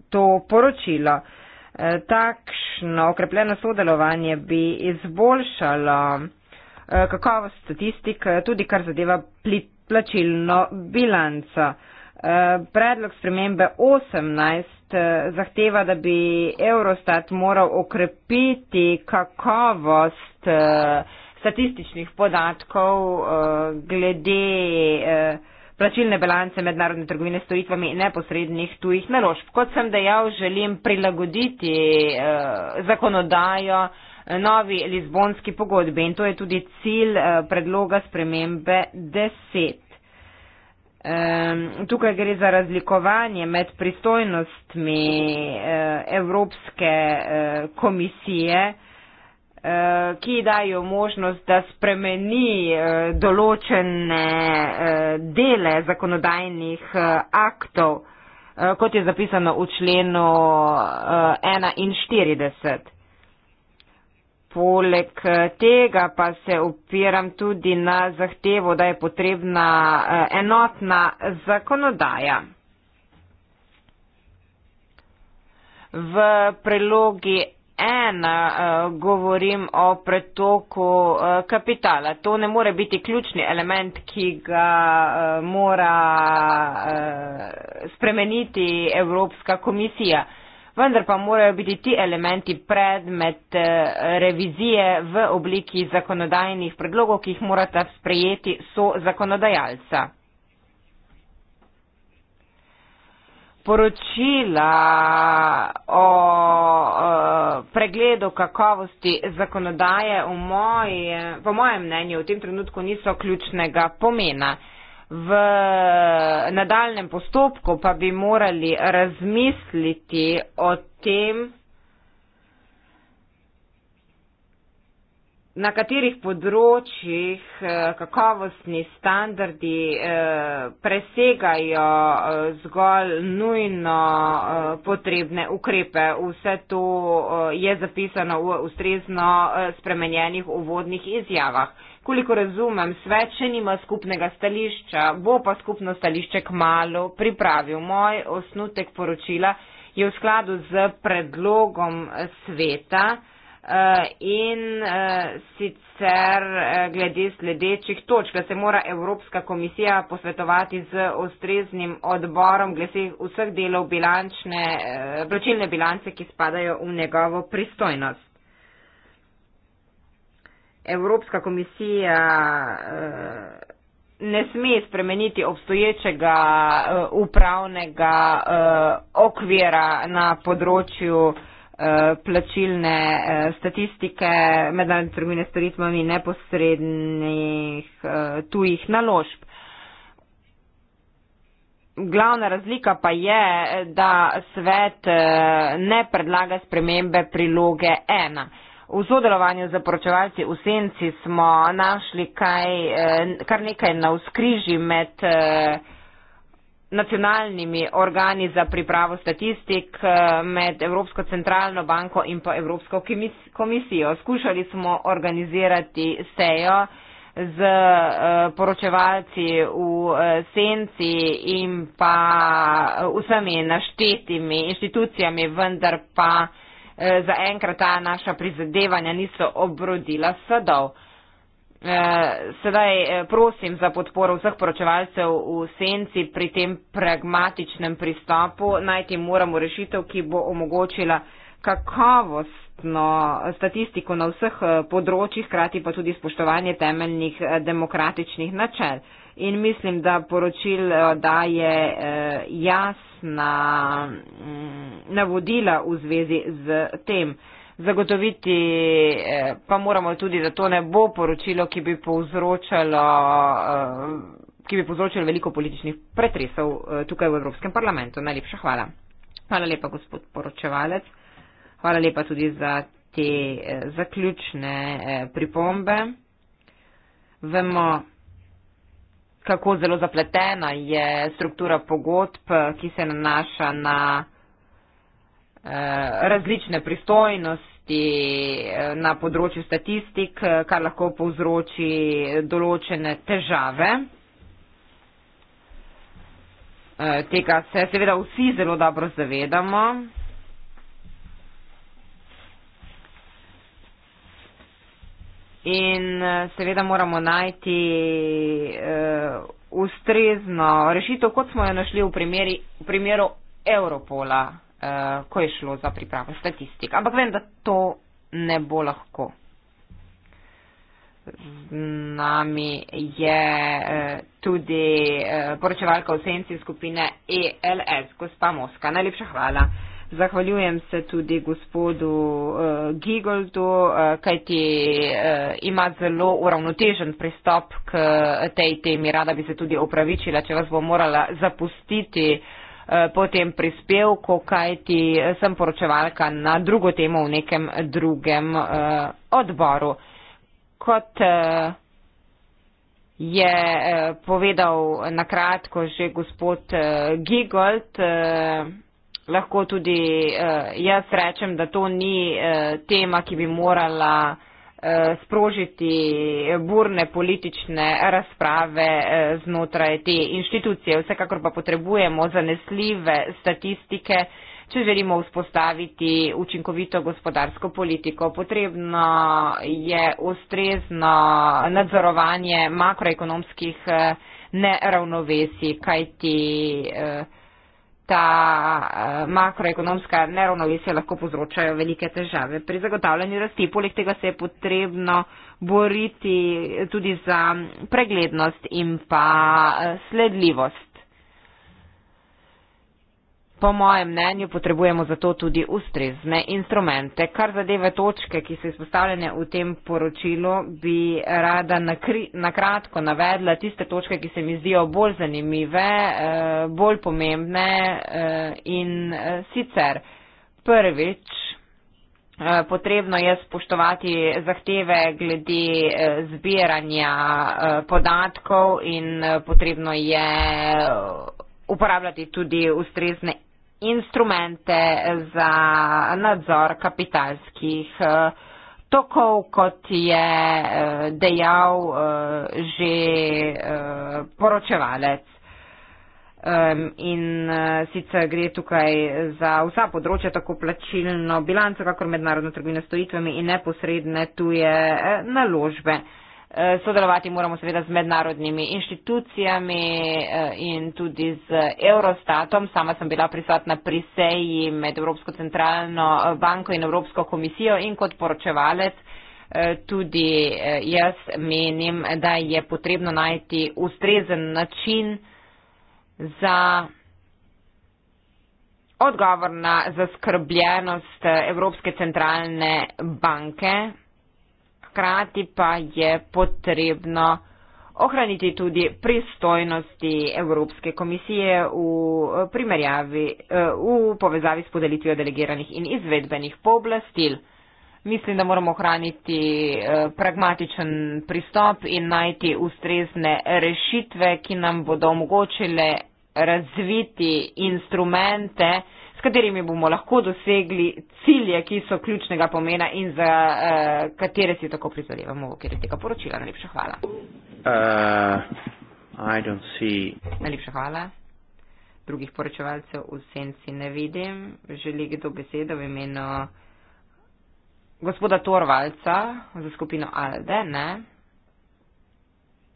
to poročilo. Takšno okrepljeno sodelovanje bi izboljšalo kakovost statistik, tudi kar zadeva plačilno bilanco. Predlog spremembe 18 eh, zahteva, da bi Eurostat moral okrepiti kakovost eh, statističnih podatkov eh, glede plačilne balance mednarodne trgovine s storitvami in neposrednih tujih naložb. Kot sem dejal, želim prilagoditi zakonodajo novi Lizbonski pogodbi in to je tudi cilj predloga spremembe 10. Ehm, tukaj gre za razlikovanje med pristojnostmi eh, Evropske eh, komisije, eh, ki dajo možnost, da spremeni določene dele zakonodajnih aktov, kot je zapisano v členu 41. Poleg eh, tega pa se upiram tudi na zahtevo, da je potrebna eh, enotna zakonodaja. V prilogi ena eh, govorim o pretoku kapitala. To ne more biti ključni element, ki ga mora spremeniti Evropska komisija vendar pa morajo biti ti elementi predmet eh, revizije v obliki zakonodajnih predlogov, ki jih morata sprejeti so zakonodajalca. Poročila o, o eh, pregledu kakovosti zakonodaje v moje, po mojem mnenju v tem trenutku niso ključnega pomena v nadaljem postopku pa bi morali razmisliti o tem, na katerih področjih eh, kakovostni standardi eh, presegajo eh, zgolj nujno potrebne ukrepe. Vse to je zapisano v ustrezno spremenjenih uvodnih izjavah. Koliko razumem, svet še nima skupnega stališča, bo pa skupno stališče k malu pripravil. Moj osnutek poročila je v skladu z predlogom sveta eh, in eh, sicer eh, glede sledečih točk, da se mora Evropska komisija posvetovati z ustreznim odborom glede vseh delov bilančne, plačilne bilance, ki spadajo v njegovo pristojnost. Evropska komisija eh, ne sme spremeniti obstoječega eh, upravnega eh, okvira na področju plačilne statistike mednarodne trgovine s turizmami neposrednih tujih naložb. Glavna razlika pa je, da svet ne predlaga spremembe priloge 1. V sodelovanju z poročevalci v Senci smo našli kaj, eh, kar nekaj na vzkriži med eh, nacionalnimi organi za pripravo statistik, eh, med Evropsko centralno banko in pa Evropsko komisijo. Skušali smo organizirati sejo z poročevalci v Senci in pa vsemi naštetimi inštitucijami, vendar pa. Eh, za enkrat ta naša prizadevanja niso obrodila sadov. Eh, sedaj eh, prosim za podporo vseh poročevalcev v senci pri tem pragmatičnem pristopu. Najti moramo rešitev, ki bo omogočila kakovostno statistiko na vseh eh, področjih, hkrati pa tudi spoštovanje temeljnih eh, demokratičnih načel. In mislim, da poročil eh, daje jasna mm, navodila v zvezi z tem. Zagotoviti pa moramo tudi, da to ne bo poročilo, ki bi povzročalo, ki bi povzročalo veliko političnih pretresov tukaj v Evropskem parlamentu. Najlepša hvala. Hvala lepa, gospod poročevalec. Hvala lepa tudi za te eh, zaključne eh, pripombe. Vemo, kako zelo zapletena je struktura pogodb, eh, ki se nanaša na eh, različne pristojnosti eh, na področju statistik, kar lahko povzroči določene težave. Tega se seveda vsi zelo dobro zavedamo. in eh, seveda moramo najti uh, ustrezno rešitev, kot smo jo našli v, primeri, v primeru Evropola, uh, eh, ko je šlo za pripravo statistik. Ampak vem, da to ne bo lahko. Z nami je uh, tudi uh, poročevalka v senci skupine ELS, gospa Moska. Najlepša hvala. Zahvaljujem se tudi gospodu uh, Gigoldu, uh, kajti uh, ima zelo uravnotežen pristop k tej temi. Rada bi se tudi opravičila, če vas bo morala zapustiti po tem prispevku, kajti sem poročevalka na drugo temo v nekem drugem uh, odboru. Kot uh, je uh, povedal nakratko že gospod uh, Gigold, uh, lahko tudi uh, jaz rečem, da to ni uh, tema, ki bi morala uh, sprožiti burne politične razprave uh, znotraj te inštitucije. Vsekakor pa potrebujemo zanesljive statistike, če želimo vzpostaviti učinkovito gospodarsko politiko. Potrebno je ustrezno nadzorovanje makroekonomskih uh, neravnovesij, kajti. Uh, ta eh, makroekonomska neravnovesja lahko povzročajo velike težave. Pri zagotavljanju rasti poleg tega se je potrebno boriti tudi za preglednost in pa eh, sledljivost. Po mojem mnenju potrebujemo zato tudi ustrezne instrumente. Kar zadeve točke, ki so izpostavljene v tem poročilu, bi rada nakratko navedla tiste točke, ki se mi zdijo bolj zanimive, eh, bolj pomembne eh, in eh, sicer prvič. Potrebno je spoštovati zahteve glede zbiranja podatkov in potrebno je uporabljati tudi ustrezne instrumente za nadzor kapitalskih eh, tokov, kot je eh, dejal eh, že poročevalec. In sicer gre tukaj za vsa področja, tako plačilno bilanco, kakor mednarodno trgovino s tojitvami in neposredne tuje naložbe. Eh, sodelovati moramo seveda z mednarodnimi inštitucijami eh, in tudi z Eurostatom. Sama sem bila prisotna pri seji med Evropsko centralno eh, banko in Evropsko komisijo in kot poročevalec tudi jaz menim, da je potrebno najti ustrezen način za. Odgovor na zaskrbljenost Evropske centralne banke hkrati pa je potrebno ohraniti tudi pristojnosti Evropske komisije v, eh, v povezavi s podelitvijo delegiranih in izvedbenih pooblastil. Mislim, da moramo ohraniti eh, pragmatičen pristop in najti ustrezne rešitve, ki nam bodo omogočile razviti instrumente, katerimi bomo lahko dosegli cilje, ki so ključnega pomena in za uh, katere si tako prizadevamo v okviru tega poročila. Najlepša hvala. Uh, Najlepša hvala. Drugih poročevalcev v senci ne vidim. Želi kdo besedo v imenu gospoda Torvalca za skupino Alde, ne?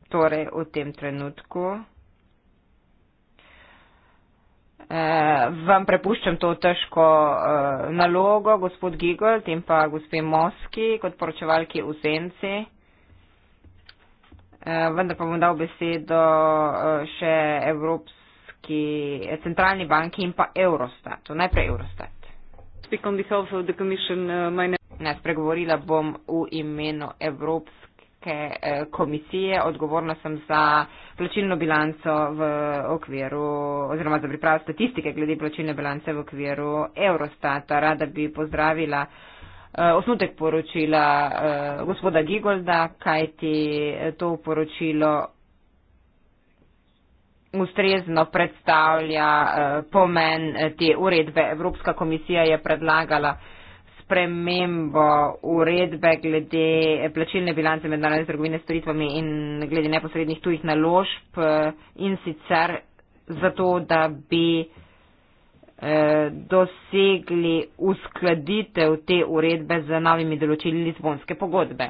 Torej, v tem trenutku. Eh, vam prepuščam to težko eh, nalogo, gospod Gigol, tem pa gospe Moski, kot poročevalki v Senci. Eh, vendar pa bom dal besedo eh, še Evropski eh, centralni banki in pa Eurostatu. Najprej Eurostat. Eh, ne, spregovorila bom v imenu Evropske. Evropske eh, komisije, odgovorna sem za plačilno bilanco v okviru oziroma za pripravo statistike glede plačilne bilance v okviru Eurostata. Rada bi pozdravila eh, osnutek poročila eh, gospoda Gigolda, kajti to poročilo ustrezno predstavlja pomen te uredbe. Evropska komisija je predlagala spremembo uredbe glede plačilne bilance mednarodne trgovine s storitvami in glede neposrednih tujih naložb eh, in sicer zato, da bi eh, dosegli uskladitev te uredbe z novimi določili Lizbonske pogodbe.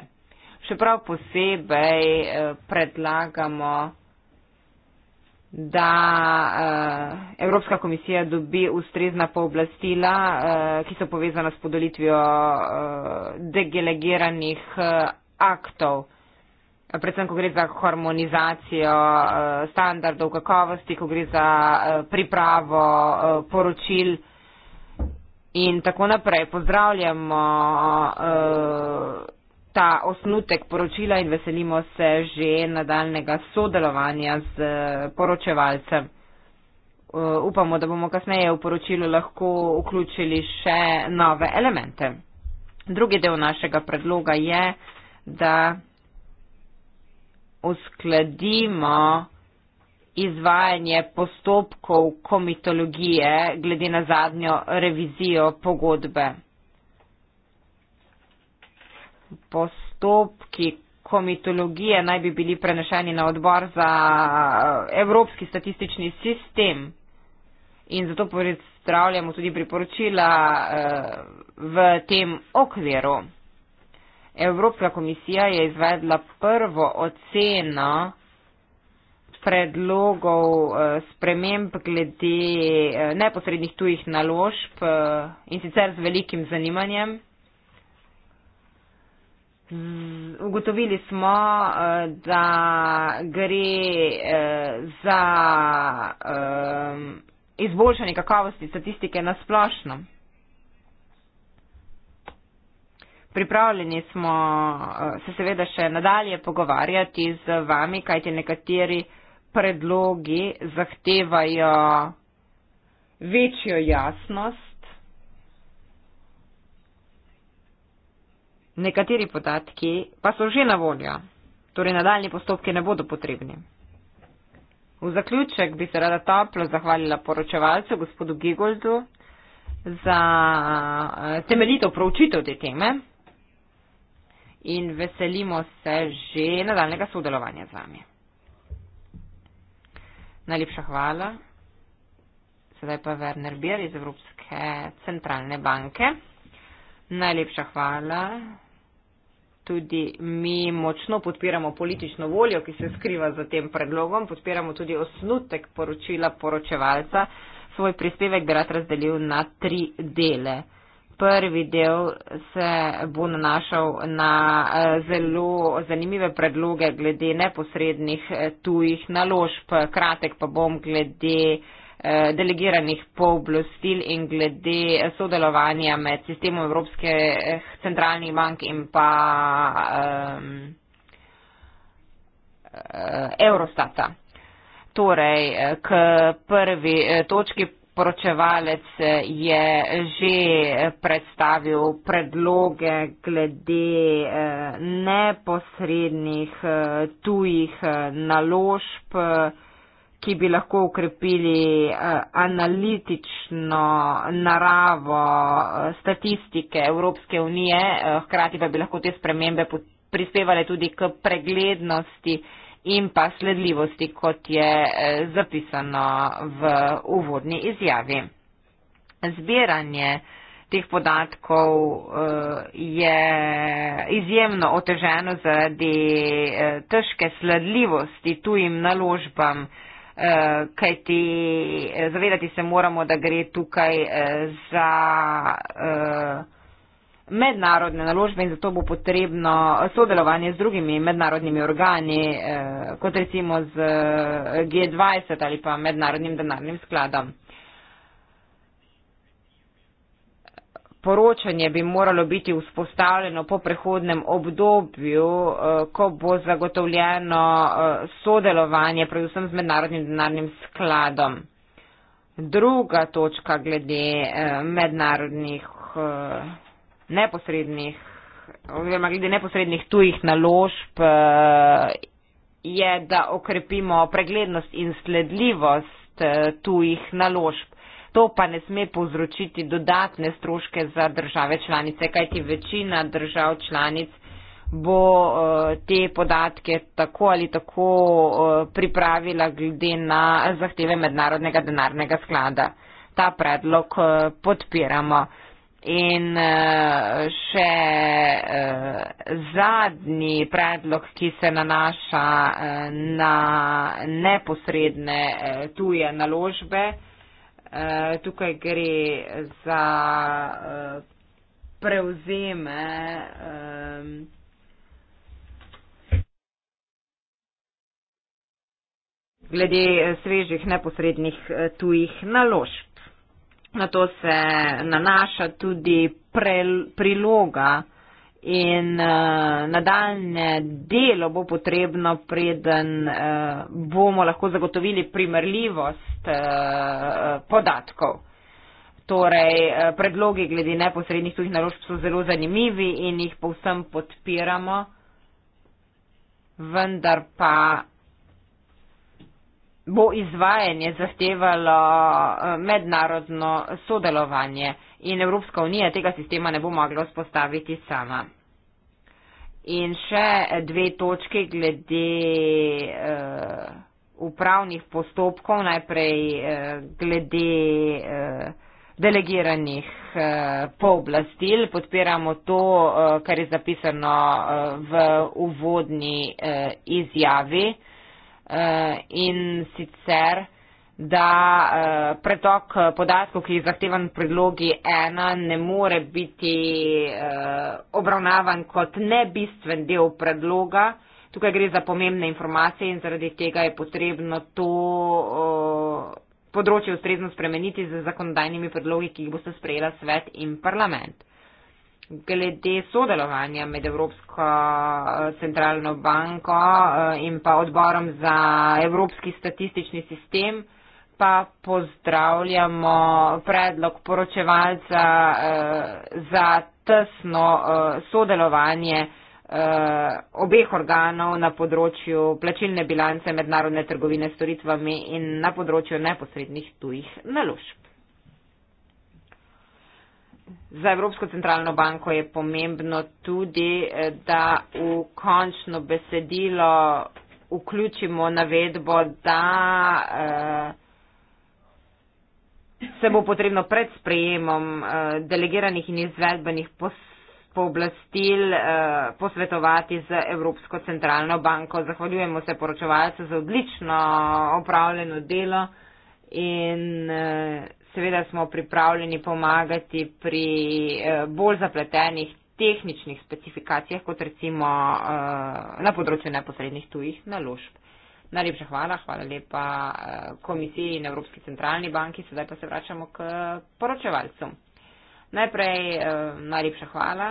Še prav posebej eh, predlagamo da uh, Evropska komisija dobi ustrezna pooblastila, uh, ki so povezana s podelitvijo uh, delegiranih uh, aktov, predvsem, ko gre za harmonizacijo uh, standardov kakovosti, ko gre za uh, pripravo uh, poročil in tako naprej. Pozdravljamo. Uh, ta osnutek poročila in veselimo se že nadaljnega sodelovanja z eh, poročevalcem. Eh, upamo, da bomo kasneje v poročilu lahko vključili še nove elemente. Drugi del našega predloga je, da uskladimo izvajanje postopkov komitologije glede na zadnjo revizijo pogodbe postopki komitologije naj bi bili prenešeni na odbor za eh, evropski statistični sistem. In zato pozdravljamo tudi priporočila eh, v tem okviru. Evropska komisija je izvedla prvo oceno predlogov eh, sprememb glede neposrednih tujih naložb in sicer z velikim zanimanjem. Mm, ugotovili smo, eh, da gre eh, za eh, izboljšanje kakovosti statistike na splošno. Pripravljeni smo se seveda še nadalje pogovarjati z vami, kajti nekateri predlogi zahtevajo večjo jasnost Nekateri podatki pa so že na voljo, torej nadaljni postopki ne bodo potrebni. V zaključek bi se rada toplo zahvalila poročevalcu gospodu Gigoldu za eh, temeljito proučitev te teme in veselimo se že nadaljnega sodelovanja z vami. Najlepša hvala. Sedaj pa Werner Bier iz Evropske centralne banke. Najlepša hvala tudi mi močno podpiramo politično voljo, ki se skriva za tem predlogom, podpiramo tudi osnutek poročila poročevalca. Svoj prispevek bi rad razdelil na tri dele. Prvi del se bo nanašal na eh, zelo zanimive predloge glede neposrednih eh, tujih naložb, kratek pa bom glede Eh, delegiranih pooblastil in glede sodelovanja med sistemom Evropske eh, centralnih bank in pa um, Eurostata. Torej, k prvi točki poročevalec je že predstavil predloge glede neposrednih tujih naložb ki bi lahko ukrepili uh, eh, analitično naravo uh, statistike Evropske unije, uh, hkrati pa bi lahko te spremembe prispevale tudi k preglednosti in pa sledljivosti, kot je uh, zapisano v uvodni izjavi. Zbiranje teh podatkov uh, je izjemno oteženo zaradi uh, težke sledljivosti tujim naložbam, eh, kajti eh, zavedati se moramo, da gre tukaj eh, za eh, mednarodne naložbe in zato bo potrebno sodelovanje z drugimi mednarodnimi organi, eh, kot recimo z eh, G20 ali pa mednarodnim denarnim skladom. poročanje bi moralo biti vzpostavljeno po prehodnem obdobju, eh, ko bo zagotovljeno eh, sodelovanje predvsem z mednarodnim denarnim skladom. Druga točka glede eh, mednarodnih neposrednih oziroma glede neposrednih tujih naložb je, da okrepimo preglednost in sledljivost tujih naložb. To pa ne sme povzročiti dodatne stroške za države članice, kajti večina držav članic bo eh, te podatke tako ali tako eh, pripravila glede na zahteve mednarodnega denarnega sklada. Ta predlog eh, podpiramo. In še zadnji predlog, ki se nanaša na neposredne tuje naložbe, Eh, tukaj gre za eh, prevzeme eh, glede svežih neposrednih tujih naložb. Na to se nanaša tudi priloga in uh, eh, nadaljne delo bo potrebno, preden uh, bomo lahko zagotovili primerljivost uh, podatkov. Torej, uh, predlogi glede neposrednih tujih naložb so zelo zanimivi in jih povsem podpiramo, vendar pa bo izvajanje zahtevalo eh, mednarodno sodelovanje in Evropska unija tega sistema ne bo mogla vzpostaviti sama. In še dve točke glede uh, upravnih postopkov, najprej uh, glede uh, delegiranih uh, pooblastil. Podpiramo to, uh, kar je zapisano uh, v uvodni uh, izjavi. Uh, Eh, in sicer, da eh, pretok podatkov, ki je zahtevan v predlogi ena, ne more biti eh, obravnavan kot nebistven del predloga. Tukaj gre za pomembne informacije in zaradi tega je potrebno to področje ustrezno spremeniti z zakonodajnimi predlogi, ki jih boste sprejela svet in parlament glede sodelovanja med Evropsko eh, centralno banko eh, in pa odborom za Evropski statistični sistem, pa pozdravljamo predlog poročevalca eh, za tesno sodelovanje obeh organov na področju plačilne bilance mednarodne trgovine s storitvami in na področju neposrednih tujih naložb. Za Evropsko centralno banko je pomembno tudi, eh, da v končno besedilo vključimo navedbo, da eh, se bo potrebno pred sprejemom eh, delegiranih in izvedbenih pooblastil posvetovati z Evropsko centralno banko. Zahvaljujemo se poročevalcu za odlično opravljeno delo in eh, seveda smo pripravljeni pomagati pri eh, bolj zapletenih tehničnih specifikacijah, kot recimo eh, na področju neposrednih tujih naložb. Najlepša hvala, hvala lepa komisiji in Evropski centralni banki, sedaj pa se vračamo k poročevalcu. Najprej najlepša hvala,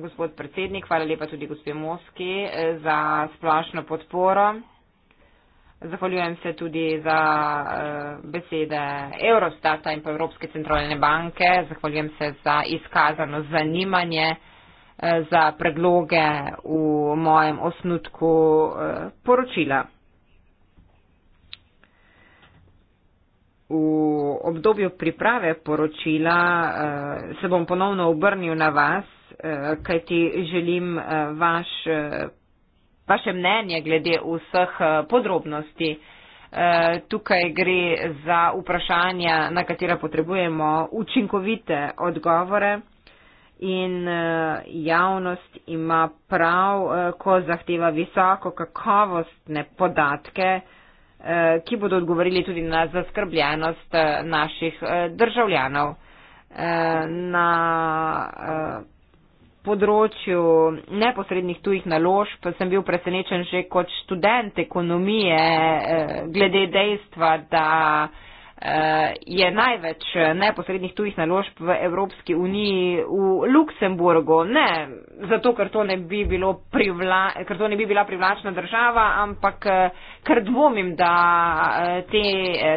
gospod predsednik, hvala lepa tudi gospe Moski za splošno podporo. Zahvaljujem se tudi za eh, besede Eurostata in pa Evropske centralne banke. Zahvaljujem se za izkazano zanimanje, eh, za predloge v mojem osnutku eh, poročila. V obdobju priprave poročila se bom ponovno obrnil na vas, kajti želim vaš vaše mnenje glede vseh eh, podrobnosti. Eh, tukaj gre za vprašanja, na katera potrebujemo učinkovite odgovore in eh, javnost ima prav, ko zahteva visoko kakovostne podatke, ki bodo odgovorili tudi na zaskrbljenost naših državljanov. Na področju neposrednih tujih naložb, sem bil presenečen že kot študent ekonomije eh, glede dejstva, da eh, je največ neposrednih tujih naložb v Evropski uniji v Luksemburgu. Ne, zato, ker to ne bi, bilo privla, ker to ne bi bila privlačna država, ampak eh, ker dvomim, da te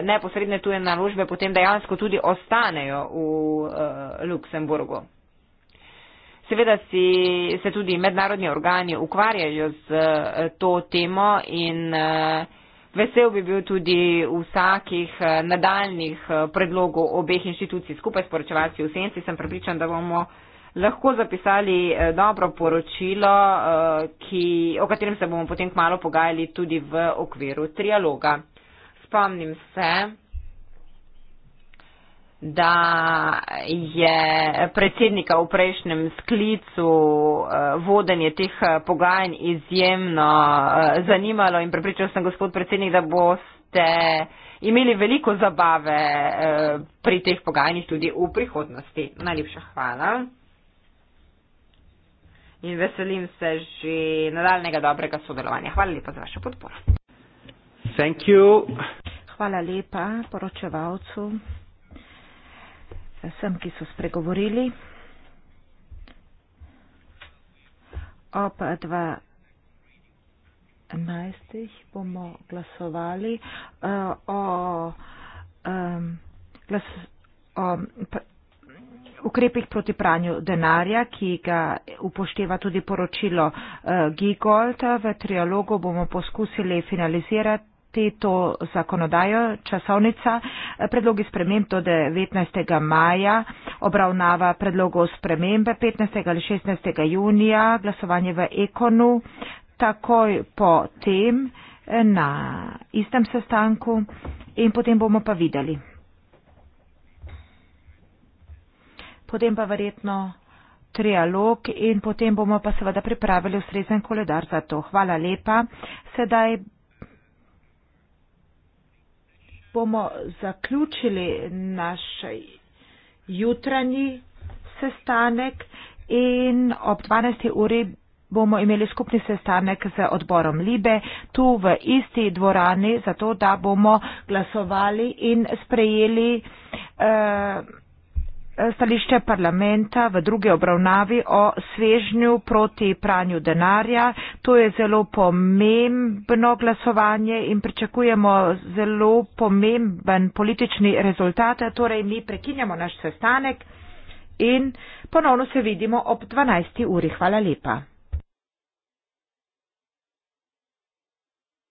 neposredne tuje naložbe potem dejansko tudi ostanejo v Luksemburgu. Seveda si, se tudi mednarodni organi ukvarjajo z eh, to temo in eh, vesel bi bil tudi vsakih eh, nadaljnih predlogov obeh inštitucij skupaj s poročevalci v senci. Sem pripričan, da bomo lahko zapisali dobro poročilo, ki, o katerem se bomo potem kmalo pogajali tudi v okviru trialoga. Spomnim se, da je predsednika v prejšnjem sklicu eh, vodenje teh eh, pogajanj izjemno eh, zanimalo in prepričal sem gospod predsednik, da boste imeli veliko zabave pri teh pogajanjih tudi v prihodnosti. Najlepša hvala. In veselim se že nadaljnega dobrega sodelovanja. Hvala lepa za vašo podporo. Hvala lepa poročevalcu vsem, ki so spregovorili. Ob 2.11. bomo glasovali uh, o, um, glas, o ukrepih proti pranju denarja, ki ga upošteva tudi poročilo uh, eh, Gigolta. V trialogu bomo poskusili finalizirati sprejeti to zakonodajo, časovnica predlogi sprememb do 19. maja, obravnava predlogov spremembe 15. ali 16. junija, glasovanje v Ekonu, takoj po tem na istem sestanku in potem bomo pa videli. Potem pa verjetno trialog in potem bomo pa seveda pripravili ustrezen koledar za to. Hvala lepa. Sedaj bomo zaključili naš jutranji sestanek in ob 12. uri bomo imeli skupni sestanek z odborom Libe tu v isti dvorani, zato da bomo glasovali in sprejeli. Uh, Eh, stališče parlamenta v druge obravnavi o svežnju proti pranju denarja. To je zelo pomembno glasovanje in pričakujemo zelo pomemben politični rezultat. Torej, mi prekinjamo naš sestanek in ponovno se vidimo ob 12. uri. Hvala lepa.